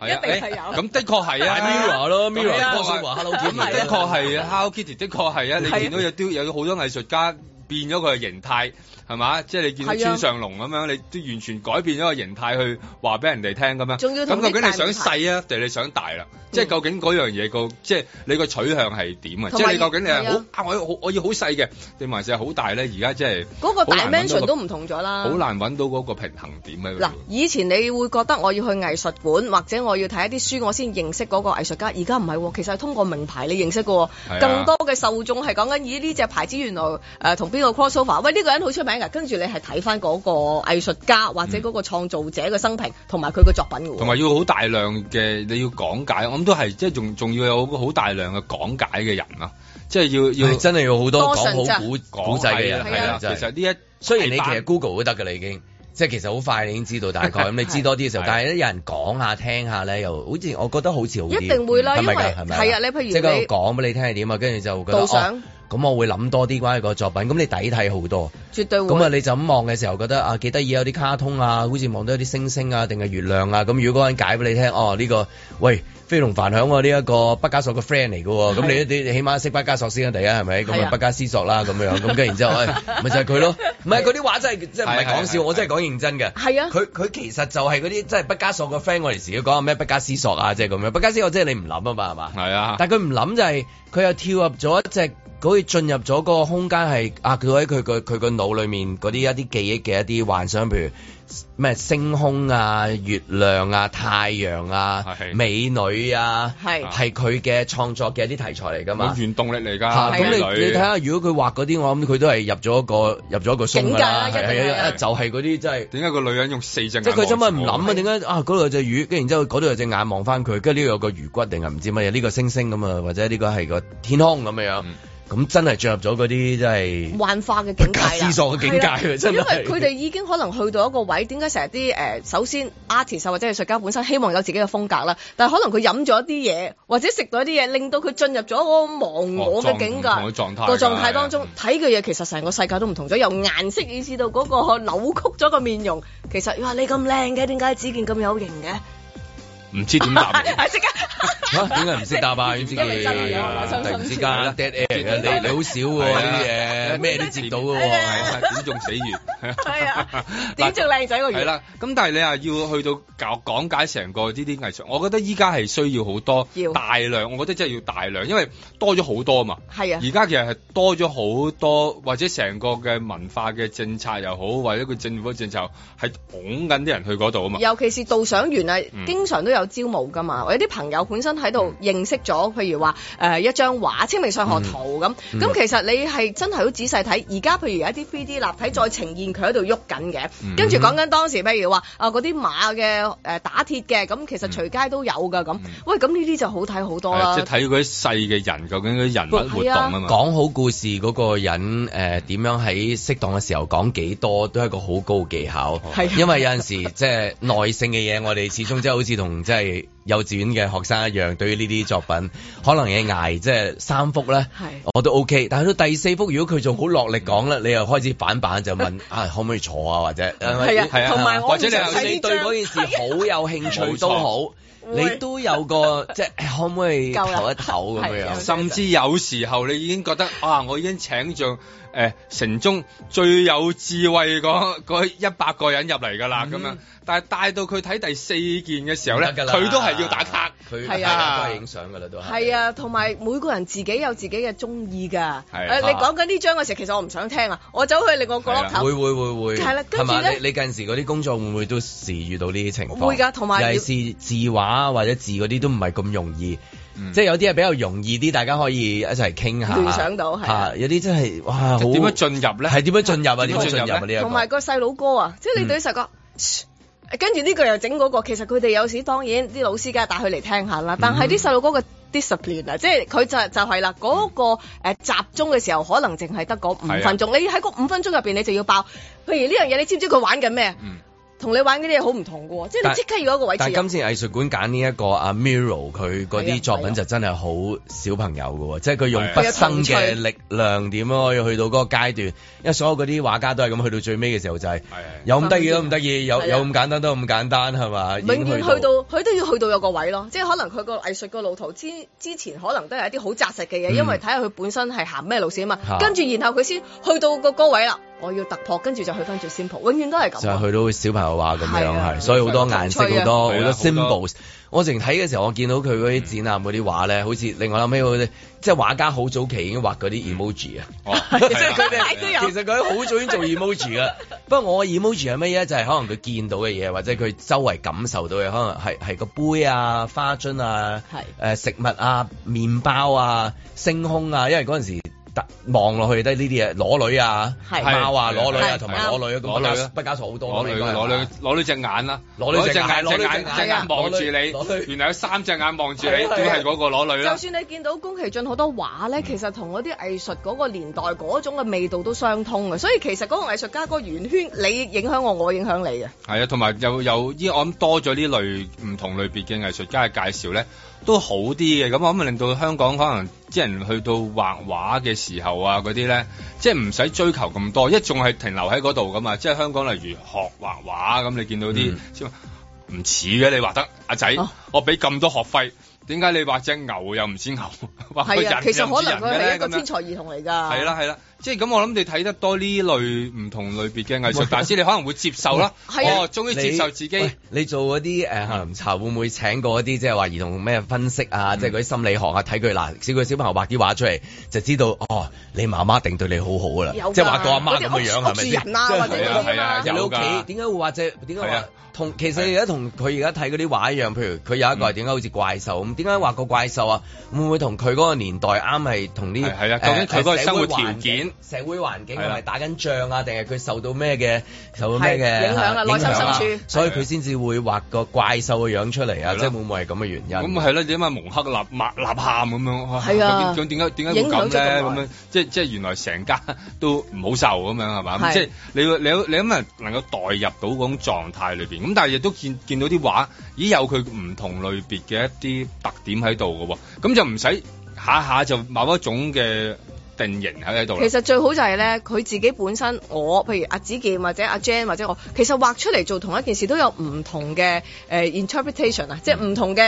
啊，一定係有。咁、哎、的確係啊 mirror 咯 mirror 的確係、啊啊啊 so, so, 啊 so, Hello Kitty，的確係啊，啊，啊，啊，啊，啊。你見到有有好多藝術家變咗佢嘅形態。係嘛？即係你見到村上隆咁樣、啊，你都完全改變咗個形態去話俾人哋聽咁樣。咁究竟你想細啊，定你想大啦、嗯？即係究竟嗰樣嘢個，即係你個取向係點啊？即係你究竟你係好、啊啊，我我，我，我要好細嘅，定還是係好大咧？而家即係嗰個 dimension、那個、都唔同咗啦。好難搵到嗰個平衡點啊！嗱，以前你會覺得我要去藝術館或者我要睇一啲書，我先認識嗰個藝術家。而家唔係喎，其實係通過名牌你認識喎、哦啊。更多嘅受眾係講緊以呢隻牌子原來同邊、呃、個 crossover？喂，呢、呢個人好出名。跟住你係睇翻嗰個藝術家或者嗰個創造者嘅生平同埋佢嘅作品嘅、嗯，同埋要好大量嘅你要講解，我諗都係即係仲仲要有好大量嘅講解嘅人，人啊，即係要要真係要好多講好古古仔嘅人係啦。其實呢一雖然你其實 Google 都得噶啦，你已經即係其實好快你已經知道大概。咁 你知多啲嘅時候，啊、但係有人講下聽下咧，又好似我覺得好似好一,一定會啦，係咪？係啊，你譬如你即係講俾你聽係點啊，跟住就覺得咁我會諗多啲關於個作品，咁你抵睇好多。絕對會。咁啊，你就咁望嘅時候覺得啊，幾得意有啲卡通啊，好似望到有啲星星啊，定係月亮啊。咁如果嗰人解俾你聽，哦、啊，呢、這個喂，非同凡響喎、啊！呢、這、一個畢加索個 friend 嚟嘅、啊。咁你你你起碼識畢加索先得啊，係咪？咁啊，畢加思索啦咁樣。咁跟住然之後，咪、哎、 就係佢他咯。唔 係，嗰啲話真係真係唔係講笑、啊啊，我真係講認真嘅。係啊。佢佢其實就係嗰啲真係畢加索個 friend，我哋成日講咩畢加思索啊，即係咁樣。畢加斯，我即係你唔諗啊嘛，係嘛？係啊。但係佢唔諗就係、是、佢又跳入咗一隻。可以進入咗嗰個空間係啊！佢喺佢個佢個腦裏面嗰啲一啲記憶嘅一啲幻想，譬如咩星空啊、月亮啊、太陽啊、美女啊，係佢嘅創作嘅一啲題材嚟㗎嘛。原動力嚟㗎、啊。咁你你睇下，如果佢畫嗰啲，我諗佢都係入咗個入咗一個境界啦。係係就係嗰啲即係點解個女人用四隻？即係佢做乜唔諗啊？點解啊？嗰度有隻魚，跟住然之後嗰度有,有隻眼望翻佢，跟住呢度有個魚骨定係唔知乜嘢？呢個星星咁啊，或者呢個係個天空咁嘅樣。嗯咁真係進入咗嗰啲真係幻化嘅境界，思索嘅境界真。因為佢哋已經可能去到一個位，點解成日啲誒首先 artist 或者藝術家本身希望有自己嘅風格啦，但係可能佢飲咗啲嘢，或者食咗啲嘢，令到佢進入咗嗰個忘我嘅境界個、哦、狀，狀態當中，睇嘅嘢其實成個世界都唔同咗，由顏色以至到嗰個扭曲咗個面容。其實哇，你咁靚嘅，點解只見咁有型嘅？唔知點解。 立刻 嚇，點解唔識答啊？突然之間，突然之間，你你好少喎啲嘢，咩都接到嘅喎，係啊，點仲死完？係啊，點仲靚仔喎？係啦，咁但係你又要去到講講解成個呢啲藝術，我覺得依家係需要好多要大量，我覺得真係要大量，因為多咗好多啊嘛。係啊，而家其實係多咗好多，或者成個嘅文化嘅政策又好，或者個政府嘅政策係拱緊啲人去嗰度啊嘛。尤其是導賞員啊，經常都有招募㗎嘛。我有啲朋友本身喺度認識咗，譬如話、呃、一張畫清明上河圖咁，咁、嗯、其實你係真係好仔細睇。而家譬如有一啲 3D 立體再呈現佢喺度喐緊嘅，跟住講緊當時譬如話啊嗰啲馬嘅、呃、打鐵嘅，咁其實隨街都有噶咁、嗯。喂，咁呢啲就好睇好多啦、啊。睇佢細嘅人，究竟嗰人物活動啊、哎、嘛。講好故事嗰、嗰個人誒點、呃、樣喺適當嘅時候講幾多，都係個好高技巧。因為有陣時 即係耐性嘅嘢，我哋始終真即係好似同即係。幼稚園嘅學生一樣，對於呢啲作品， 可能你挨即係三幅咧，我都 OK。但係到第四幅，如果佢仲好落力講咧、嗯，你又開始板板就問 啊，可唔可以坐啊，或者係啊，係啊、啊、啊、啊，或者你對嗰件事好有興趣都好，啊、你都有個 即係可唔可以唞一唞咁、啊、樣，甚至有時候你已經覺得啊，我已經請像。」誒城中最有智慧嗰一百個人入嚟㗎啦，咁、嗯、樣，但係帶到佢睇第四件嘅時候咧，佢都係要打卡，佢都係影相㗎啦，都係。係啊，同埋、啊、每個人自己有自己嘅中意㗎。係、啊呃、你講緊呢張嘅時候，其實我唔想聽啊，我走去另外個角落、啊。會會會會。係啦，跟住咧，有你近時嗰啲工作會唔會都時遇到呢啲情況？會㗎，同埋尤其是字畫或者字嗰啲都唔係咁容易。嗯、即係有啲係比較容易啲，大家可以一齊傾下。聯想到係。有啲真係哇，點樣進入咧？係點樣進入啊？點樣，樣進入啊？呢個。同埋個細佬哥啊，即係你對實個、嗯，跟住呢個又整嗰、嗰個。其實佢哋有時當然啲老師梗係帶佢嚟聽下啦，但係啲細佬哥嘅 discipline 啊、嗯，即係佢就就係、係、啦。嗰、嗰個集中嘅時候，可能淨係得嗰五分鐘。你喺嗰五分鐘入邊你就要爆。譬如呢樣嘢，你知唔知佢玩緊咩？嗯同你玩嗰啲嘢好唔同嘅，即係你即刻要一個位置。但今次藝術館揀呢一個阿 Miro，佢嗰啲作品就真係好小朋友喎，即係佢用畢生嘅力量點樣可以去到嗰個階段。因為所有嗰啲畫家都係咁，去到最尾嘅時候就係有咁得意都唔得意，有有咁簡單都咁簡單係嘛？永遠去到佢都要去到有個位咯，即係可能佢個藝術個路途之之前可能都係一啲好紮實嘅嘢、嗯，因為睇下佢本身係行咩路線啊嘛。跟住然後佢先去到個高位啦。我要突破，跟住就去翻做 simple 永遠都係咁。就去到小朋友話咁樣，係、啊，所以好多顏色，好、啊、多好、嗯、多、啊、多 symbols。我淨睇嘅時候，我見到佢嗰啲展覽嗰啲畫咧，好似令我諗起嗰啲，即、就、係、是、畫家好早期已經畫嗰啲 emoji、哦、啊。即係佢哋其實佢好、啊、早已經做 emoji 啊。 不過我 emoji 係乜嘢？就係、是、可能佢見到嘅嘢，或者佢周圍感受到嘅，可能係個杯啊、花樽啊、食物啊、麵包啊、星空啊，因為嗰時。望落去都呢啲嘢，裸女啊，貓啊，裸女啊，同埋裸女啊，裸女啊，畢加索好多，裸女，裸女，裸女隻眼啦，裸女隻眼,眼，隻眼隻眼望住你，原來有三隻眼望住你，都係嗰個裸女啦、啊啊。就算你見到宮崎駿好多畫咧，其實同嗰啲藝術嗰個年代嗰種嘅味道都相通嘅，所以其實嗰個藝術家個個圓圈，你影響我，我影響你啊。係啊，同埋又又依我諗多咗呢類唔同類別嘅藝術家嘅介紹咧。都好啲嘅，咁我諗令到香港可能啲人去到畫畫嘅時候啊，嗰啲咧，即係唔使追求咁多，一仲係停留喺嗰度咁啊！即係香港例如學畫畫咁，你見到啲唔似嘅，你畫得阿仔、啊，我俾咁多學費，點解你畫隻牛畫隻牛又唔知牛？畫個、啊、人又似人嘅，其實可能佢係一個天才兒童嚟㗎。係啦，係啦、啊。即係咁，我諗你睇得多呢類唔同類別嘅藝術大師、啊，你可能會接受啦。係啊，哦，終於、啊、接受自己。你，你做嗰啲杏林茶，會唔會請過一啲即係話兒童咩分析啊？嗯、即係嗰啲心理學啊，睇佢嗱小個小朋友畫啲畫出嚟，就知道哦，你媽媽一定對你好好噶啦，即係畫個阿媽咁嘅樣係咪先？即係你屋企點解會畫隻？點解同其實而家同佢而家睇嗰啲畫一樣？譬如佢有一個係點解好似怪獸咁？點解畫個怪獸啊？嗯、會唔會同佢嗰個年代啱係同啲誒？係啊，啊，啊，究竟佢嗰個生活條件？社會環境係咪、啊、打緊仗啊？定係佢受到咩嘅受到咩嘅影響啊？內心深處，啊、所以佢先至會畫個怪獸嘅樣出嚟啊，啊！即係會唔會係咁嘅原因？咁咪係啦！點解蒙克立立喊咁樣，係啊？咁點解點解會咁咧？咁樣即係即係原來成家都唔好受咁樣係嘛？即係你你你諗下能夠代入到嗰種狀態裏邊。咁但係亦都見見到啲畫已經有佢唔同類別嘅一啲特點喺度嘅喎。咁就唔使下下就某一種嘅。定型喺度，其實最好就係咧，佢自己本身，我譬如阿子健或者阿、啊、Jan 或者我，其實畫出嚟做同一件事都有唔同嘅、呃、interpretation 啊、嗯，即係唔同嘅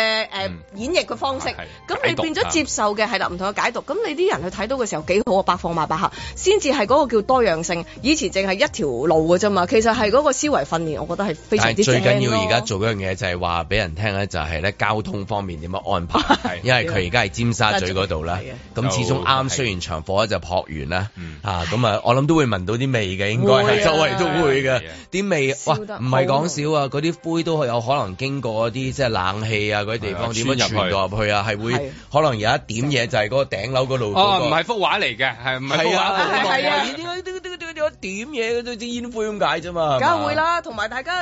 演繹嘅方式。咁你變咗接受嘅係啦，唔同嘅解讀。咁你啲、嗯、人去睇到嘅時候幾好啊，百貨應百客，先至係嗰個叫多樣性。以前淨係一條路㗎啫嘛，其實係嗰個思維訓練，我覺得係非常之正咯。但係最緊要而家做嘅一樣嘢就係話俾人聽咧，就係、是、咧交通方面點樣安排， 因為佢而家係尖沙咀嗰度啦。咁始終啱，雖然長課。我就撲完啦吓咁、嗯、啊，我諗都會聞到啲味嘅，應該係、啊、周圍都會嘅。啲味唔係講笑啊，嗰啲灰都係有可能經過嗰啲即係冷氣啊嗰啲地方，點樣傳入去啊？係會、啊、可能有一點嘢，就係嗰個頂樓嗰度、那個。唔係幅畫嚟嘅，係唔係幅畫？係啊，點嘢、啊？都知煙灰咁解咋嘛，梗係會啦。同埋大家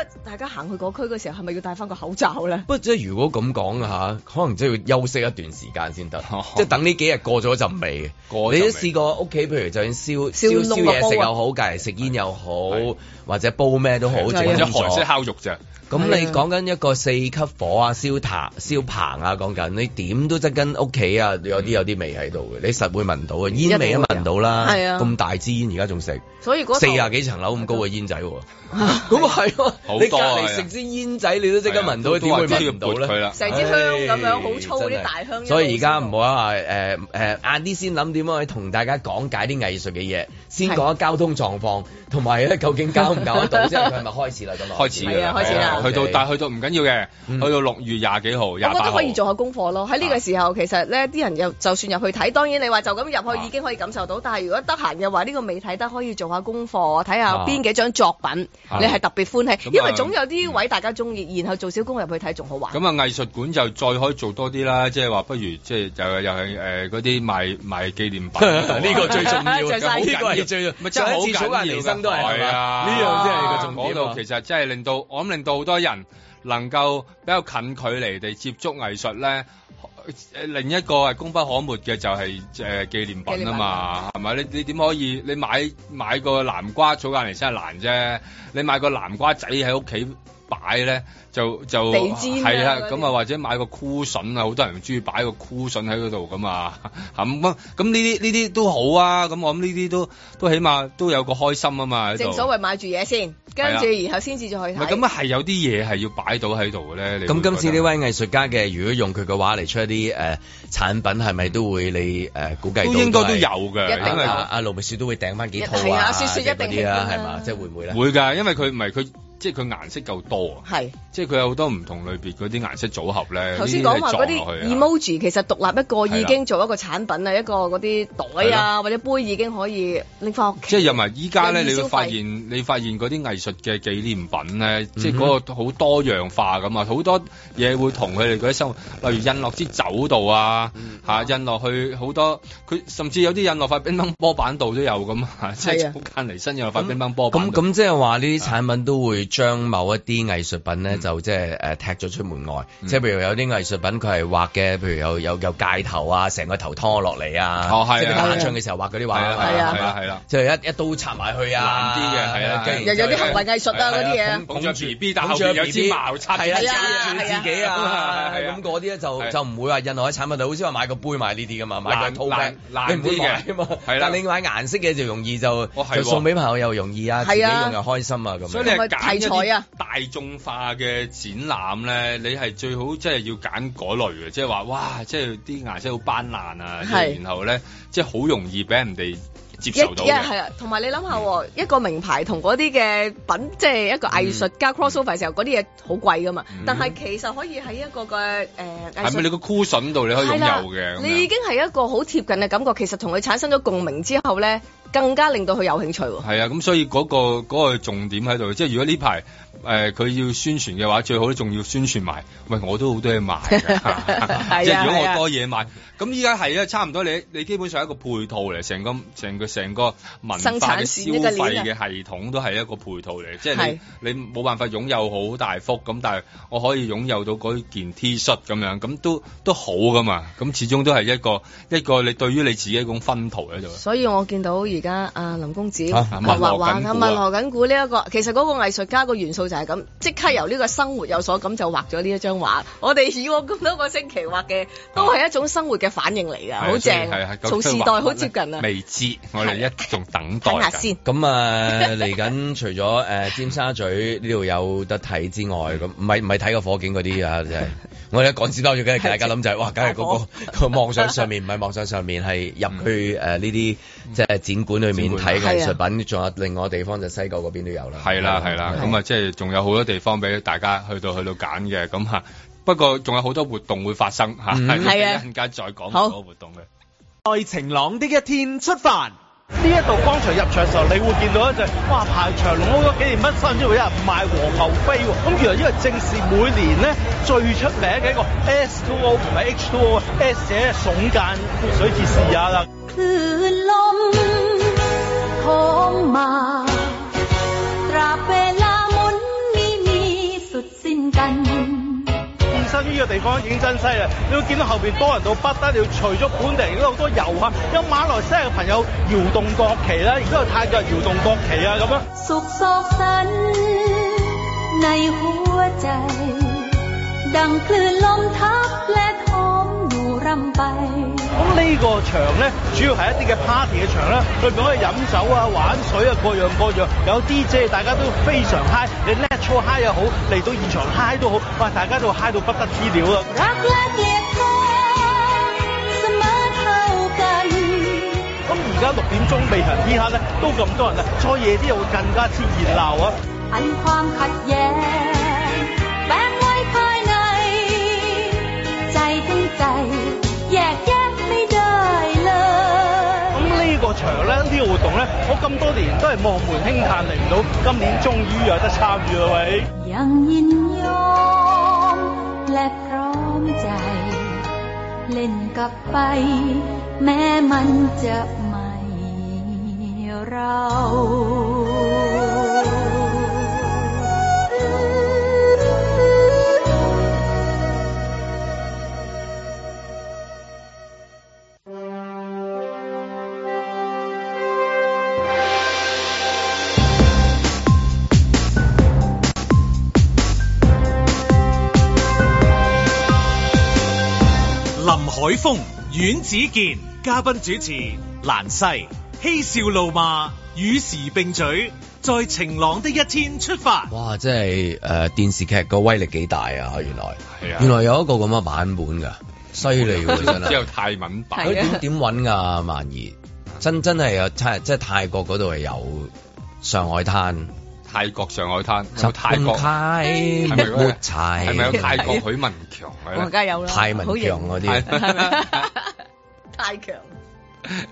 行去嗰區嘅時候，係咪要戴返個口罩呢？不過即係如果咁講吓，可能即係要休息一段時間先得，即係等呢幾日過咗陣味過試過屋企，譬如就算燒燒燒嘢食又好，隔籬食煙又好，或者煲咩都好，或者韓式烤肉咋？咁、嗯、你講緊一個四級火啊，燒塔、燒棚啊，講緊你點都即跟屋企啊，有啲有啲味喺度嘅，你實會聞到啊，煙味都聞到啦。係啊！咁大支煙而家仲食，所以嗰四廿幾層樓咁高嘅煙仔、啊。咁啊係咯，啊、 你隔籬食支煙仔，你都即刻聞到，點會聞唔到咧？成支香咁樣好粗啲、哎、大香，所以而家唔好話誒誒晏啲先諗點樣去同大家講解啲藝術嘅嘢，先講一下交通狀況，同埋咧究竟交唔交得到先，佢係咪開始啦咁？開始啦！開始啦！Okay. 去到，但係去到唔緊要嘅，去到六月廿幾號，廿八號都可以做下功課咯。喺呢個時候，其實咧啲人又就算入去睇，當然你話就咁入去已經可以感受到，啊、但係如果得閒嘅話，呢個未睇得可以做下功課，睇下邊幾張作品，啊、你係特別歡喜、啊，因為總有啲位大家鍾意，然後做小工入去睇仲好玩。咁、嗯、啊，藝術館就再可以做多啲啦，即係話不如即係又又係誒嗰啲賣賣紀念品，呢 個最重要啦，呢 個重要、呢個、最重要，唔係真係好艱難人生都係啊，呢樣真係度其實真係令到我諗令到。就是好多人能夠比較近距離地接觸藝術咧，誒，另一個係功不可沒嘅，就係誒紀念品啊嘛，係咪？你你點可以？你買買個南瓜草間嚟，真係難啫，你買個南瓜仔喺屋企。擺咧就就係啦，咁啊，啊或者買個箍筍啊，好多人唔中意，擺個箍筍喺嗰度咁啊，咁咁呢啲呢啲都好啊，咁我諗呢啲都都起碼都有個開心啊嘛，正所謂買住嘢先，跟住然後先至再去睇。咁係係有啲嘢係要擺到喺度嘅咧。咁今次呢位藝術家嘅，如果用佢嘅畫嚟出一啲誒、呃、產品，係咪都會你誒估計都應該都有㗎，一定阿盧覓雪都會訂翻幾套啊，雪雪一定會啊，嗰啲啊係嘛、啊啊，即係會唔會咧？會噶，因為佢唔係佢。即係佢顏色夠多啊！係，即係佢有好多唔同類別嗰啲顏色組合咧。頭先講話嗰啲 emoji 其實獨立一個已經做一個產品啦、啊，一個嗰啲袋啊，啊或者杯已經可以拎翻屋企。即係又埋依家咧，你會發現你發現嗰啲藝術嘅紀念品咧，即係嗰個好多樣化咁啊！好多嘢會同佢哋嗰啲生活，例如印落支酒度啊嚇、嗯啊，印落去好多。佢甚至有啲印落塊乒乓波板度都有咁啊！即係抽間嚟印落塊乒乓波板。咁咁即係話呢啲產品、啊、都會。將某一啲藝術品咧、嗯、就即係誒踢咗出門外，即係譬如有啲藝術品佢係畫嘅，譬如有有有戒頭啊，成個頭拖落嚟啊，係、哦，即係打仗嘅時候畫嗰啲畫，係啊係啦，即係一一刀插埋去啊，啲嘅係啊，啊有有啲行為藝術啊嗰啲嘢，B B 大將有啲矛插住自己啊，係啊，咁嗰啲咧就就唔會話印落喺產品度，好似話買個杯買呢啲噶嘛，買個套嘅，你唔會買啊係啦，你買顏色嘅就容易就就送俾朋友又容易啊，係啊，自己用又開心啊咁，啲啊，大眾化嘅展覽咧，你係最好即係要揀嗰類嘅，即係話哇，即係啲顏色好斑斕啊，然後咧即係好容易俾人哋。一一係啊，同埋你諗下，一個名牌同嗰啲嘅品，即係一個藝術家 crossover 時候，嗰啲嘢好貴噶嘛。嗯、但係其實可以喺一個嘅誒，係、呃、咪你個 cushion 度你可以擁有嘅？你已經係一個好貼近嘅感覺，其實同佢產生咗共鳴之後咧，更加令到佢有興趣。係、嗯、啊，咁所以嗰、嗰個、嗰個重點喺度，即係如果呢排。誒、呃、佢要宣傳嘅話最好都仲要宣傳埋。喂，我都好多嘢賣， 是的 即係如果我多嘢賣，咁依家係啊，差唔多你你基本上係一個配套嚟，成個成個成個文化消費嘅系統都係一個配套嚟，即係你你冇辦法擁有好大幅，咁但係我可以擁有到件 T-shirt 咁樣，咁都都好噶嘛，咁始終都係一個一個你對於你自己一種分圖。所以我見到而家阿林公子呢、啊、一、啊啊這個、其實個藝術家個元素、就是係、就、咁、是，即刻由呢個生活有所感就畫咗呢一張畫。我哋以往咁多個星期畫嘅，都係一種生活嘅反應嚟㗎，好、啊、正，係係。從時代好接近啊，未知我哋一眾等待。睇下先。咁啊，嚟緊除咗誒、呃，尖沙咀呢度、這個、有得睇之外，咁唔係唔係睇過火警嗰啲啊，真係。我哋一講展覽，梗係大家諗就係、是，哇！梗係嗰個、那個網上上面唔係網上上面，係 入去誒呢啲即係展館裏面睇藝術品，仲、嗯嗯、有另外地方、嗯、就是、西九嗰邊都有啦。係啦係啦，咁啊即係仲有好多地方俾大家去到去到揀嘅，咁吓，不過仲有好多活動會發生嚇，係、嗯、 一陣再講好、那個活動嘅。在晴朗的一天出發。呢一度剛才入場嘅時候，你會見到一、就、隻、是，哇排長龍好多幾年，乜生意都冇，有人賣黃牛飛喎。咁、啊、原來呢個正是每年咧最出名嘅一個 S2O，唔係 H2O, S to O，唔係 H to O，S 嘅聳間水字試下啦。身於呢個地方已經真犀利，你會見到後邊多人到不得了，除咗本地人都好多遊客，有馬來西亞嘅朋友搖動國旗啦，亦都有泰國搖動國旗啊咁樣。咁呢個場咧，主要係一啲嘅 party 嘅場啦，裏面可以飲酒啊、玩水啊，各樣各樣，有 DJ 大家都非常 high 你叻坐 high 又好，嚟到現場 high 都好，哇，大家都 high 到不得了啊！咁而家六點鐘未曾天黑咧，都咁多人啊，再夜啲又會更加之熱鬧啊！鴨鴨咧呢個活動咧，我咁多年都係望門興嘆，嚟唔到，今年終於有得參與啦喂！海峰、阮子健嘉賓主持，蘭西嬉笑怒罵，與時並舉，在晴朗的一天出發。哇！真係誒，電視劇個威力幾大啊！原來、啊，原來有一個咁嘅版本噶，犀利、啊、真係。只 有泰文版，點點揾啊？萬怡真真係有，真係即係泰國嗰度係有上海灘。泰國上海灘，就泰國泰齊，係咪有泰國許、那個、文強泰、啊、我梗係有啦，好型嗰啲，泰強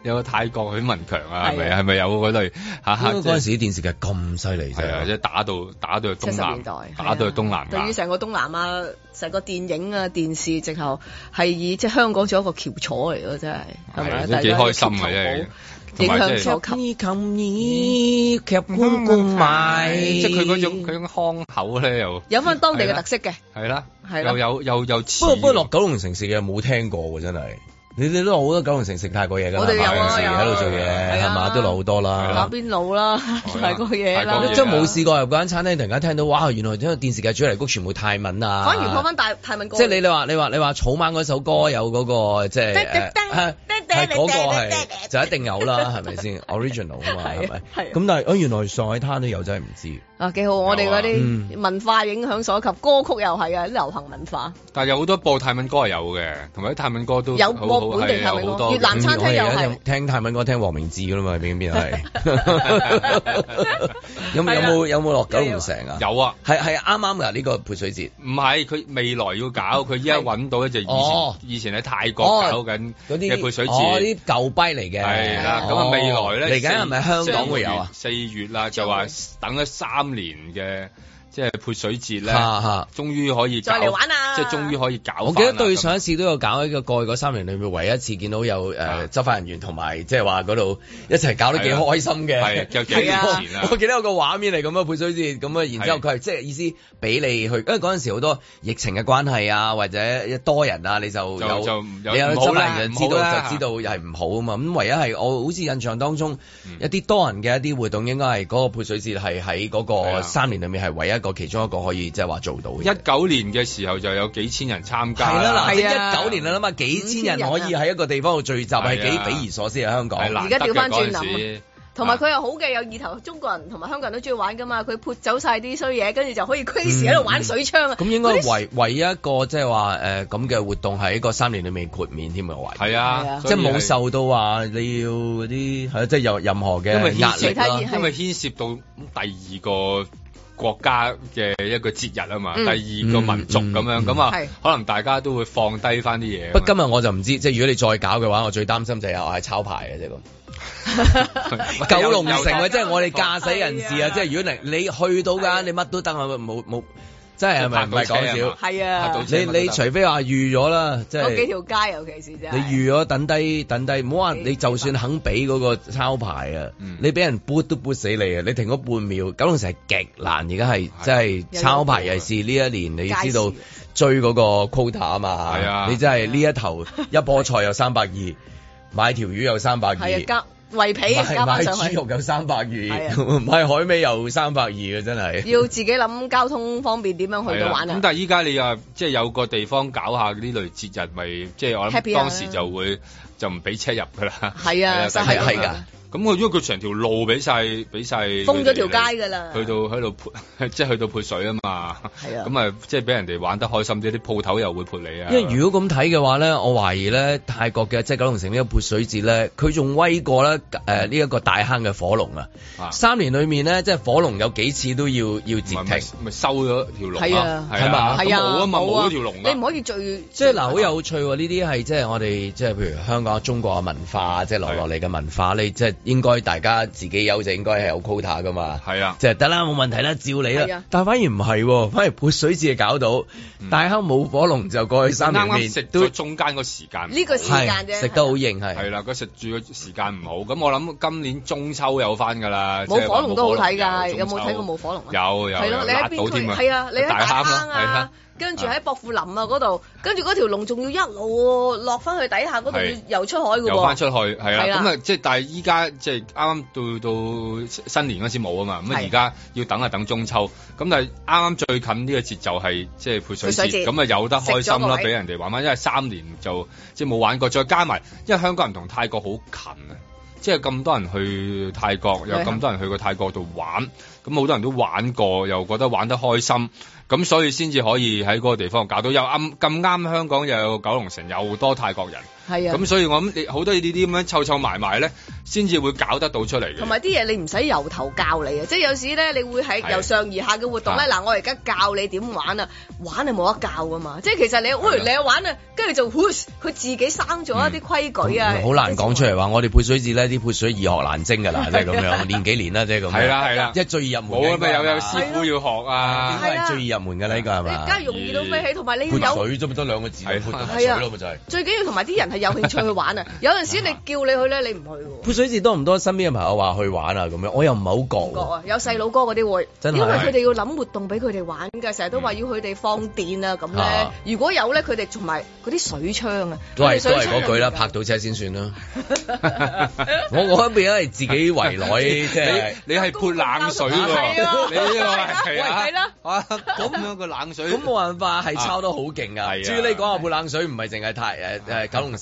有個、啊啊、泰國許文強啊，係咪？係咪、啊啊、有嗰類？嚇嗰陣時電視劇咁犀利，係即係打到打到東南，打到去東南亞、啊嗯，對於成個東南啊成個電影啊電視直頭係以即係、就是、香港做一個橋樑嚟嘅，真係係啊，都幾開心的啊，強拆琴意，即係佢嗰種嗰種，佢腔口咧又，有翻當地嘅特色嘅，係啦，係啦，又有又又。不過不過落九龍城市嘅冇聽過喎，真係。你哋都落好多九龍城食泰國嘢㗎，我哋有啊，喺度做嘢，係嘛，都落好多老啦，打邊爐啦，泰國嘢啦，即係冇試過入間餐廳，突然間聽到，哇，原來聽到電視劇主題曲全部泰文啊，反而講翻泰泰文歌，即係你你話你話你話草蜢嗰首歌有嗰、那個、嗯、即係，叮係嗰個係就一定有啦，係咪先？Original 啊嘛，係咪？咁但係哦，是啊是啊、原來上海灘都有，真係唔知。啊，幾好！啊、我哋嗰啲文化影響所及，嗯、歌曲又係啊，流行文化。但係有好多播泰文歌係有嘅，同埋啲泰文歌都有本地好多，越南餐廳又係。聽泰文歌聽黃明志㗎啦嘛，邊 邊是 有冇有冇有冇落九龍城啊？有啊，係係啱啱啊！呢、呢個潑水節，唔係佢未來要搞，佢依家揾到一隻以前、哦、以前喺泰國搞緊嘅潑水節，嗰、哦、啲、哦、舊碑嚟嘅。係啦，咁、哦、啊未來咧嚟緊係咪香港會有啊？四月啦，就話等咗三。年嘅。即係潑水節咧，終於終於可以再嚟玩啊！即係終於可以搞。我記得對上一次都有搞，一個過去嗰三年裏面，唯一一次見到有誒、啊呃、執法人員同埋，即係話嗰度一齊搞得幾開心嘅。係啊，幾啊我，我記得有個畫面嚟咁啊，潑水節咁啊，然之後佢係即係意思俾你去，因為嗰陣時好多疫情嘅關係啊，或者多人啊，你就有就，就有你有唔好啦，人知道就知道又係唔好啊嘛。咁唯一係我好似印象當中一啲多人嘅一啲活動應該是、嗯，應該係嗰個潑水節係喺嗰個三年裏面係唯一。個其中一個可以即係話做到嘅，一九年嘅時候就有幾千人參加。係啦，嗱，一九年啊，諗下、啊啊啊、幾千人可以喺一個地方度聚集，係、啊啊、幾匪夷所思啊！香港，而家調翻轉諗，同埋佢又好嘅，有意頭，中國人同埋香港人都中意玩噶嘛。佢潑走晒啲衰嘢，跟住就可以喺度玩水槍啊！咁、嗯、應該唯唯一一個即係話誒咁嘅活動係一個三年裏面豁免添嘅，係啊，即係冇受到話你要嗰啲係咯，即係、啊就是、有任何嘅壓力，因為牽涉,涉到第二個。國家嘅一個節日啊嘛、嗯，第二個民族咁樣咁啊、嗯嗯嗯，可能大家都會放低翻啲嘢。不過今日我就唔知，即係如果你再搞嘅話，我最擔心就係我係抄牌嘅啫咁。 九龍城啊，即 係我哋駕駛人士啊，即 係 如果你你去到噶， 你乜都得啊，冇冇。真係係咪唔係講笑？係啊，啊你你除非話預咗啦，即係幾條街、啊、尤其是就你預咗等低等低，唔好話你就算肯俾嗰個抄牌啊，嗯、你俾人撥都撥死你，你，啊，有有你啊！你停嗰半秒，九龍城係極難而家係，即係抄牌又係呢一年，你知道追嗰個 quota 啊嘛嚇，你真係呢一頭、啊、一波菜有三百二，買條魚有三百二。胃皮加上去，豬肉有三百二，唔係、啊、海味又三百二啊，真係要自己諗交通方便點樣去到玩啦。咁、啊、 但係依家你又即係有個地方搞下呢類節日，咪即係我諗當時就會就唔俾車入㗎啦。係啊，係 啊，係㗎。咁、嗯、佢因為佢成條路俾晒俾曬封咗條街㗎啦，去到喺度潑即係去到潑水啊嘛，係啊，咁啊即係俾人哋玩得開心啲，啲鋪頭又會潑你啊。因為如果咁睇嘅話咧，我懷疑咧泰國嘅即係九龍城呢個潑水節咧，佢仲威過咧誒呢一個大坑嘅火龍啊！三年裡面咧，即、就、係、是、火龍有幾次都要要截停，咪收咗條龍係啊，係嘛、啊？冇啊嘛，冇咗、啊啊、條龍、啊、你唔可以最即係嗱，好、就是呃、有趣喎、啊！呢啲係即係我哋即係譬如香港中國嘅文化，即係落落嚟嘅文化，啊、你即、就、係、是。應該大家自己優勢應該係有 quota 㗎嘛，係啊，即係得啦，冇問題啦，照你啦。但反而唔係喎，反而潑水節搞到，大坑冇火龍就過去三年面食，都中間個時間，呢個時間啫，食得好型係。係啦，佢食住個時間唔好。咁我諗今年中秋有翻㗎啦，冇火龍都好睇㗎，有冇睇過冇火龍啊？有有，係咯，你喺邊度睇啊？大坑啊！跟住喺薄扶林啊嗰度、啊，跟住嗰條龍仲要一路、哦、落翻去底下嗰度游出海喎，遊翻出去係啊，咁啊即係但係依家即係啱啱到到新年嗰陣時冇啊嘛，咁啊而家要等啊等中秋，咁但係啱啱最近呢個節就係即係潑水節，咁啊有得開心啦，俾人哋玩翻，因為三年就即係冇玩過，再加埋因為香港人同泰國好近啊，即係咁多人去泰國又咁多人去過泰國度玩，咁好多人都玩過又覺得玩得開心。咁、嗯、所以先至可以喺嗰個地方搞到又啱，咁啱香港又有九龍城，又多泰國人。係啊，咁所以我諗你好多呢啲咁樣湊湊埋埋咧，先至會搞得到出嚟嘅。同埋啲嘢你唔使由頭教你啊，即係有時咧你會喺由上而下嘅活動咧。嗱、啊啊，我而家教你點玩啊，玩你冇得教噶嘛。即係其實你，喂、哎啊，你去玩啊，跟住就 w 佢自己生咗一啲規矩。啊。好、嗯、難講出嚟話，我哋潑水節呢，啲潑水易學難精噶啦、啊就是啊就是啊啊，即係咁樣練幾年啦，即係咁樣。係啦係啦，即係最易入門。冇啊，有有師傅要學啊，是啊是啊最易入門嘅呢個係嘛？梗係、啊、容易到飛起，同埋、啊、你有潑水啫嘛，得兩個字，潑下、啊、水咯咪、啊、就係、是啊啊就是啊。最緊要同埋啲人。係 有興趣去玩啊！有陣時你叫你去咧，你唔去喎、啊。潑水節多唔多？身邊嘅朋友話去玩啊，咁樣我又唔係好覺，啊覺啊。有細佬哥嗰啲喎，因為佢哋要諗活動俾佢哋玩㗎，成、嗯、日都話要佢哋放電啊咁咧、啊。如果有咧，佢哋同埋嗰啲水槍啊，係嗰句啦，拍到車先算啦、啊。 我我一邊係自己圍內，即 你係潑冷水喎。你呢個係啊？咁 樣、個冷水咁冇辦法係抄得好勁啊！至於你講話潑冷水，唔係淨係太誒九龍。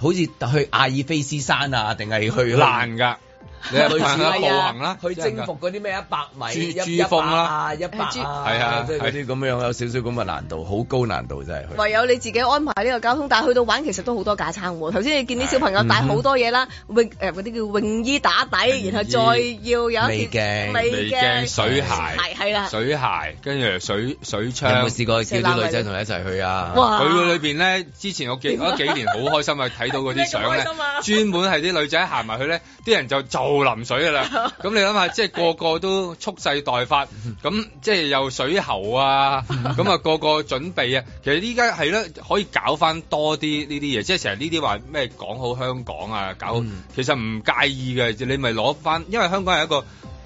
好似去阿爾卑斯山啊，定係去爛噶。 你去旅行啦，去征服嗰啲咩一百米、珠，珠峰珠峯啦，係啊，即係啲咁樣、啊、有少少咁嘅難度，好高難度真係，唯有你自己安排呢個交通，但去到玩其實都好多架撐、啊。頭先你見啲小朋友帶好多嘢啦，泳誒啲叫泳衣打底，然後再要有美鏡、美鏡、水鞋、係啦、啊、水鞋，跟住、啊、水水槍，有冇試過叫啲女仔同你一齊去啊？哇，佢裏邊咧，之前我見嗰、啊、幾年好開心啊，睇到嗰啲相咧，專門係啲女仔行埋去咧，啲人就就。冇淋水嘅啦，咁你諗下，即係個個都蓄勢待發，咁即係有水喉啊，咁、那、啊個個準備啊。其實依家係咧可以搞翻多啲呢啲嘢，即係成日呢啲話咩講好香港啊，搞好，嗯、其實唔介意嘅。你咪攞翻，因為香港係一個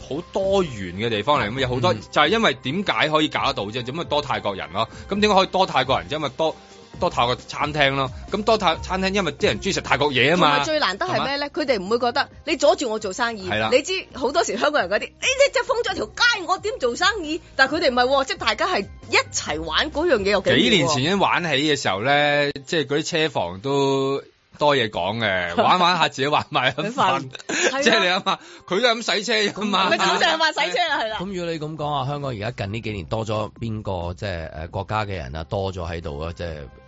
好多元嘅地方嚟，咁有好多、嗯、就係因為點解可以搞得到啫？做乜多泰國人咯、啊？咁點解可以多泰國人啫？因為多。多泰嘅餐廳咯，咁多泰餐廳，因為啲人中意食泰國嘢啊嘛。最難得係咩咧？佢哋唔會覺得你阻住我做生意。係啦，你知好多時香港人嗰啲，你即係封咗條街，我點做生意？但係佢哋唔係喎，即係大家係一齊玩嗰樣嘢又、啊、幾年前已經玩起嘅時候咧，即係嗰啲車房都多嘢講嘅，玩玩下自己玩埋咁訓，玩玩 即係你諗下，佢都係咁洗車咁嘛。咪走上萬洗車啦，係啦。咁如果你咁講啊，香港而家近呢幾年多咗邊個即、呃、國家嘅人啊，多咗喺度啊，即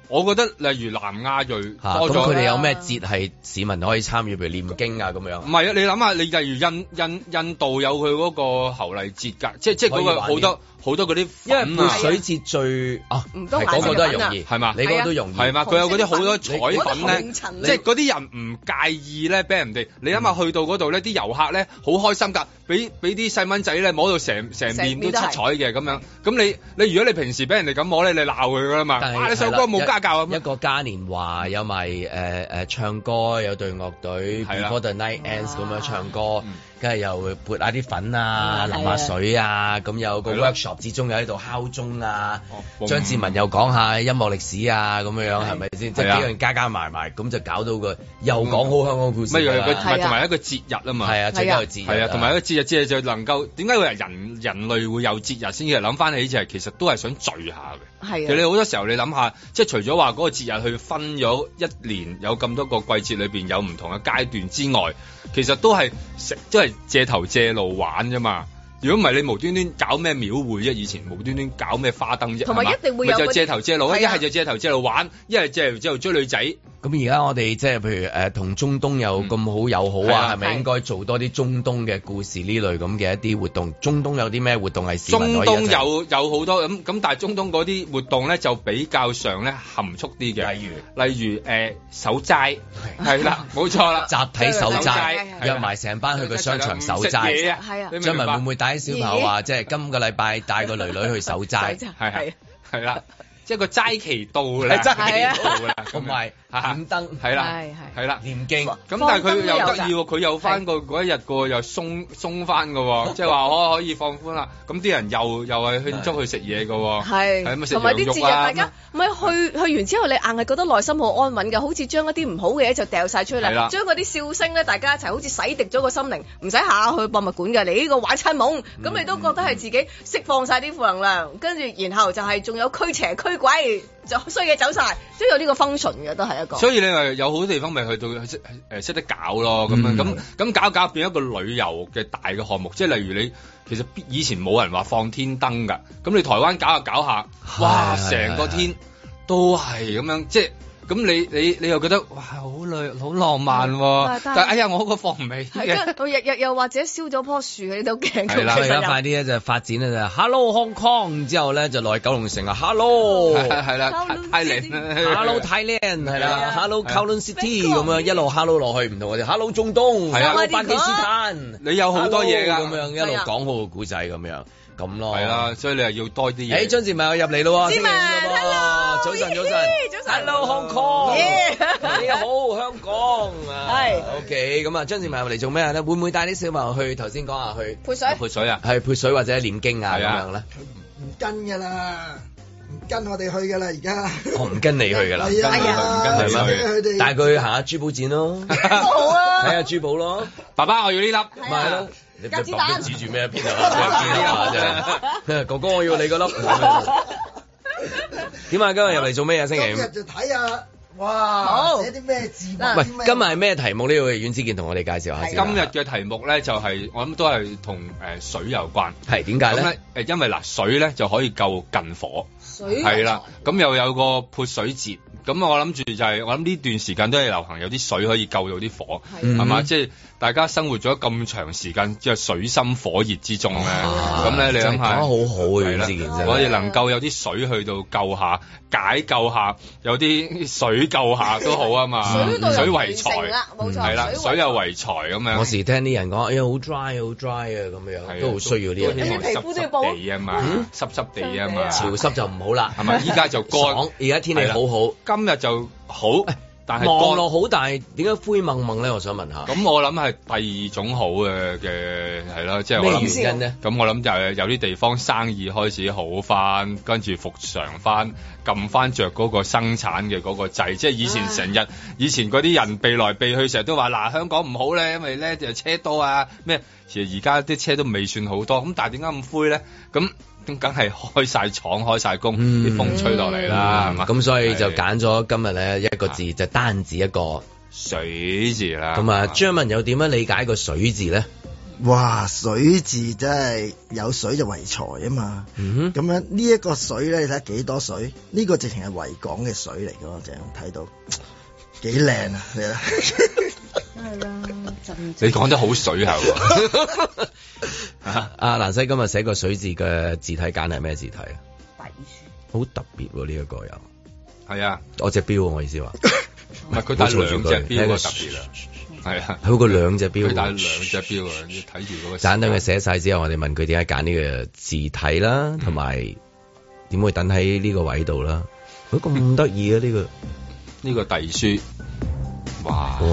我覺得例如南亞裔多，多、啊、咗，佢哋有咩節係市民可以參與？譬如念經啊咁樣。唔係啊，你諗下，你例如印印印度有佢嗰個侯麗節㗎，即係即係嗰個好多。好多嗰啲、啊，因為潑水節最啊，嗰、啊啊啊嗰個都係容易，係嘛？你嗰個都容易，係嘛、啊？佢有嗰啲好多彩粉咧、那個，即係嗰啲人唔介意咧，俾人哋。你諗下，想想去到嗰度呢啲遊客咧好開心㗎，俾俾啲細蚊仔咧摸到成成面都七彩嘅咁樣。咁你你，你如果你平時俾人哋咁摸咧，你鬧佢㗎啦嘛。呢、啊、首歌冇家教咁一,一個嘉年華有埋誒誒唱歌，有隊樂隊 Before the Night Ends 咁樣唱歌。嗯梗係又會撥下啲粉啊，嗯、淋下水啊，咁、嗯、有、嗯嗯嗯、個 workshop 之中又喺度敲鐘啊。哦、張志文又講下音樂歷史啊，咁、嗯、樣係咪先？即係幾加、嗯、樣加加埋埋，咁就搞到個又講好香港故事、啊。咪同埋一個節日啊嘛。係啊，即、啊一,啊啊啊、一個節日。係啊，同埋一個節日，即係就能夠點解人人人類會有節日先至，諗翻起就係其實都係想聚下嘅。係、啊。其實好多時候你諗下，即係除咗話嗰個節日去分咗一年有咁多個季節裏面有唔同嘅階段之外，其實都係即係。就係借頭借路玩啫嘛，如果唔係你無端端搞咩廟會啫，以前無端端搞咩花燈啫，係嘛，咪就借頭借路，一係就借頭借路玩，一係借頭借，借，借路追女仔。咁而家我哋即係譬如誒，同、呃、中東有咁好、嗯、友好啊，係咪應該做多啲中東嘅故事呢類咁嘅一啲活動？中東有啲咩活動市民可以？係中東有有好多咁咁，但係中東嗰啲活動咧就比較上咧含蓄啲嘅。例如例如誒、呃，守齋係啦，冇錯啦，集體守齋，約埋成班去個商場守齋。係啊，張文會唔會帶啲小朋友話即係今個禮拜帶個女女去守齋，係係係啦，即係個齋期到啦，齋期到啦，同埋。 是的 暗、嗯、燈係啦，係啦，念經咁，但係佢又得意喎，佢有翻個嗰一日個又鬆鬆翻嘅，即係話可可以放寬啦。咁啲人又又係去足去食嘢嘅，係係咪食羊肉啊？同埋啲節日大家，唔係去去完之後，你硬係覺得內心好安穩嘅，好似將一啲唔好嘅嘢就掉晒出嚟，將嗰啲笑聲咧，大家一齊好似洗滌咗個心靈，唔使下去博物館嘅，你呢個壞餐懵，咁、嗯、你都覺得係自己釋放晒啲負能量，跟、嗯、住然後就係仲有驅邪驅鬼。就衰嘅走曬，都有呢個 function 嘅都係一個。所以你咪有好多地方咪去到識誒識得搞咯。咁樣咁咁搞搞下變一個旅遊嘅大嘅項目，即係例如你其實以前冇人話放天燈㗎，咁你台灣搞下搞下，哇成個天都係咁樣，即係。咁你你你又覺得哇好浪漫、哦，但係哎呀我個放唔起嘅。日日又或者燒咗樖樹，你都驚。係啦，嗯、快啲咧就發展啦、就是，就 Hello Hong Kong，之後咧就來九龍城啊，Hello，係 呵呵 啦，泰國，Hello Thailand，係啦，Hello Kowloon City！咁樣一路 Hello 落去，唔同我哋 Hello 中東，係啊，Hello 巴基斯坦，你有好多嘢㗎。咁樣一路講好個古仔咁樣，咁咯。係啦，所以你又要多啲嘢。誒，張智文我入嚟咯喎，Hello。早晨，早晨，早晨，Hello Hong Kong，你好，香港。係、yeah。OK，咁啊，okay，張志文入嚟做咩咧？會唔會帶啲小朋友去頭先講下去潑水？潑水啊，係潑水或者唸經啊咁、啊、樣咧？唔跟噶啦，唔跟我哋去噶啦，而家。我、哦、唔跟你去噶啦，唔跟、啊跟、啊、跟你去，帶佢去行下珠寶展咯，好啊，睇下珠寶咯。爸爸，我要呢粒。係咯。戒指住咩邊啊？掛住呢個啫、啊。 哥哥，我要你嗰粒。 是點 啊！今日入嚟做咩啊？星期五，今日就睇下，哇！好寫啲咩字啦？喂，今日係咩題目咧？會阮之健同我哋介紹下。的今日嘅題目咧就係、是、我諗都係同誒水有關。係點解咧？誒，因為嗱水咧就可以救近火。水係啦，咁又有個潑水節。咁我諗住就係、是、我諗呢段時間都係流行有啲水可以救到啲火，係嘛、嗯？即係。大家生活咗咁長時間，即係水深火熱之中咧，咁咧你諗下，好好嘅，我哋能夠有啲水去到救下、解救下，有啲水救下都好啊嘛。水為財，係啦，水有為財咁樣。我時聽啲人講，哎呀，好 dry，好 dry 啊，咁樣都好需要啲啊。你皮膚都要保濕啊嘛，濕濕地啊嘛，潮濕就唔好啦。係咪？依家就乾，依家天氣好好，今日就好。但係降落好大，點解灰蒙蒙咧？我想問下。咁我諗係第二種好嘅嘅係咯，即係咩原因咧？咁我諗就係有啲地方生意開始好翻，跟住復常翻，撳翻著嗰個生產嘅嗰個掣，即係以前成日，以前嗰啲人避來避去，成日都話嗱，香港唔好咧，因為咧就車多啊咩。其實而家啲車都未算好多，咁但係點解咁灰咧？咁咁梗係開晒廠，開晒工，啲、嗯、風吹落嚟啦，係、嗯、嘛？咁所以就揀咗今日咧一個字，就單止一、啊、個水字啦。咁啊 Jasmine 又點樣理解個水字咧？哇，水字真係有水就為財啊嘛！咁、嗯、樣呢一個水咧，你睇幾多水？呢、這個直情係維港嘅水嚟噶，我正睇到幾靚啊！你 晉晉你講得好水下喎、啊。阿 蘭、啊啊、西今日寫個水字嘅字體揀係咩字體隸書啊？好特別呢一個又係啊！我隻表，我意思話，唔係佢戴兩隻表，係啊，啊，好過兩隻表。佢戴兩隻表，你睇住嗰個。簡單佢寫晒之後，我哋問佢點解揀呢個字體啦，同埋點會等喺呢個位度啦？佢咁得意啊！呢、啊這個呢、這個隸書。哇！好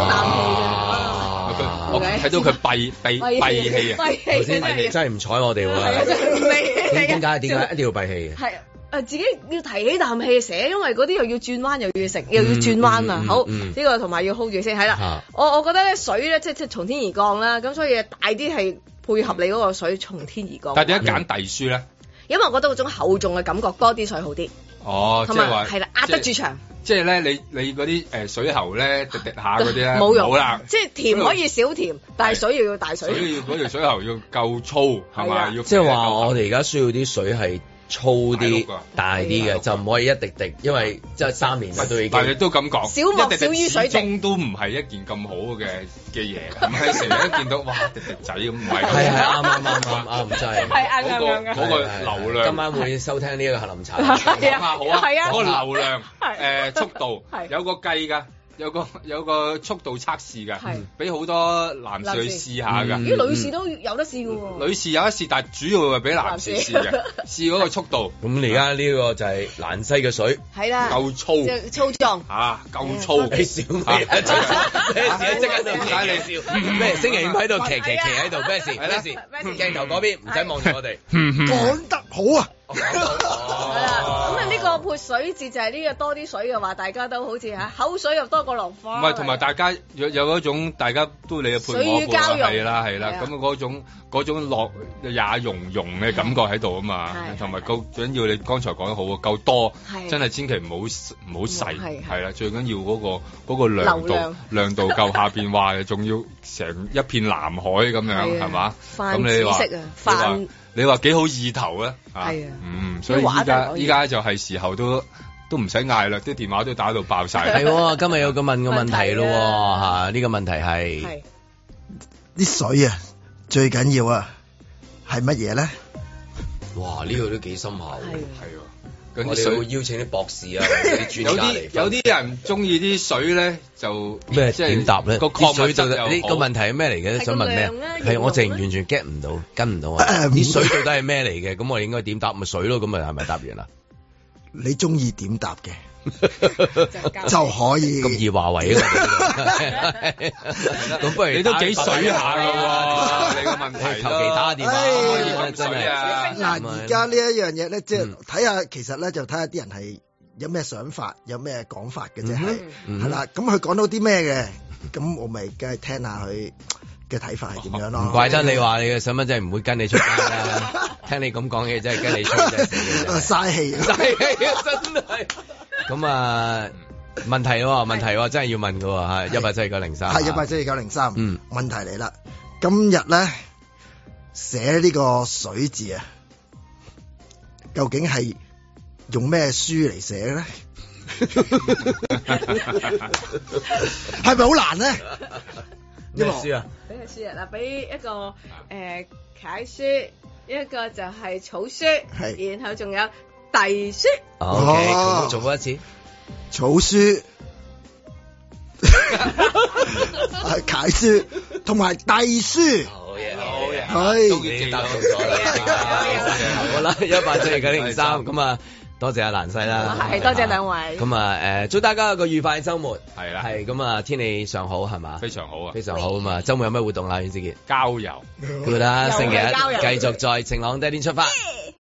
啖氣啊！我睇到佢閉閉閉氣啊！我先真係真係唔睬我哋喎！點解點解一定要閉氣？係啊！誒自己要提起啖氣寫，因為嗰啲又要轉彎，又要食，又要轉彎、嗯嗯嗯嗯這個、要啦啊！好呢個同埋要 hold 住先。係啦，我我覺得咧水咧即即從天而降啦，咁所以大啲係配合你嗰個水、嗯、從天而降。但點解揀隸書咧？因為我覺得嗰種厚重嘅感覺多啲水好啲。哦，即係係啦，壓得住場。即係咧，你你嗰啲、誒水喉咧，滴滴下嗰啲咧，冇用啦。即係甜可以少甜，但係水又要大水。所以要嗰條水喉要夠粗，係嘛？即係話我哋而家需要啲水係。粗啲、啊、大啲嘅、啊、就唔可以一滴滴，因為即係三年都已經，但係都咁講小莫小於水滴，一滴滴始終都唔係一件咁好嘅嘅嘢，唔係成日都見到哇滴滴仔咁，唔係，係係啱啱啱啱啱真係，係啱啱啱流量。今晚會收聽呢一個林茶，講啊，啊，好啊，嗰、啊那個流量誒、啊啊欸、速度、啊、有個計㗎。有個有個速度測試噶俾好多男士去試下噶咦、嗯、女士都有得試噶喎。女士有得試，但係主要係俾男士試嘅，試嗰 個速度。咁你而家呢個就係蘭西嘅水，係啦，夠粗，粗、嗯、壯啊夠粗。幾、嗯、時 啊？一陣，幾時啊？即刻就唔使你笑。咩？ 星期五喺度騎騎騎喺度，咩、啊、事？咩 鏡頭嗰邊唔使望住我哋。講 得好啊！係 啦， 咁啊呢個潑水節就係呢個多啲水嘅話，大家都好似、啊、口水又多過落花。唔係，同埋大家有有一種大家都你潑我潑係啦係啦，咁啊嗰種嗰種樂也融融嘅感覺喺度啊嘛，同埋夠最緊要你剛才講得好喎，夠多，真係千祈唔好唔好細，係啦，最緊要嗰、嗰個嗰、嗰個、量度量，量度夠下邊話嘅，仲 要成一片藍海咁樣係嘛？咁你話，你話。你話幾好意頭啊！係啊，嗯，所以依家依家就係時候都都唔使嗌啦，啲電話都打到爆晒係，係，今日有個問個問題咯，吓 呢、啊啊這個問題係啲水啊，最緊要啊，係乜嘢咧？哇！呢、這個都幾深厚、啊。係、啊。我哋會邀請啲博士啊，或者啲專家嚟。 有啲有啲人中意啲水咧，就咩點答咧？個水就呢、個問題係咩嚟嘅？想問咩？係我完完全 get 唔到，跟唔到啊！啲水到底係咩嚟嘅？咁、嗰個啊、我哋、嗰個、應該點答？咪水咯？咁咪係咪答完啦？你中意點答嘅？ 就可以咁易華為一咁， 不如你都幾水下咯喎！你個、啊、 問題其他啲啊？ 真嗱，而家呢一樣嘢咧，即係睇下其實咧，就睇下啲人係有咩想法，嗯、有咩講法嘅啫，係、嗯、係 啦。咁佢講到啲咩嘅，咁我咪梗係聽下佢嘅睇法係點樣咯？唔、哦、怪得你話你嘅細蚊仔唔會跟你出街啦， 聽你咁講嘢真係跟你出街真係嘥氣，嘥氣啊！真係。 呃 咁啊，問題咯，問題真係要問噶吓，一八七二九零三，係一八七二九零三。14903，嗯，問題嚟啦，今日咧寫呢寫個水字啊，究竟係用咩書嚟寫咧？係咪好難咧？咩書啊？俾個書啊！嗱，俾一個誒楷、呃、書，一個就係草書，係，然後仲有。遞書，OK，重、啊、複一次，草書，楷 書，同埋隸書，好、oh、嘢、yeah, oh yeah,，好嘢，係， 好是啦，一八四九零三，咁啊，多謝阿蘭西啦，係， 多謝兩位，咁啊，誒，祝大家有個愉快嘅周末，係啦，係，咁啊，天氣上好係嘛，非常好啊，非常好，咁啊， 周末有咩活動啊？袁子杰，郊遊，好啦，星期一繼續在晴朗嘅一天出發。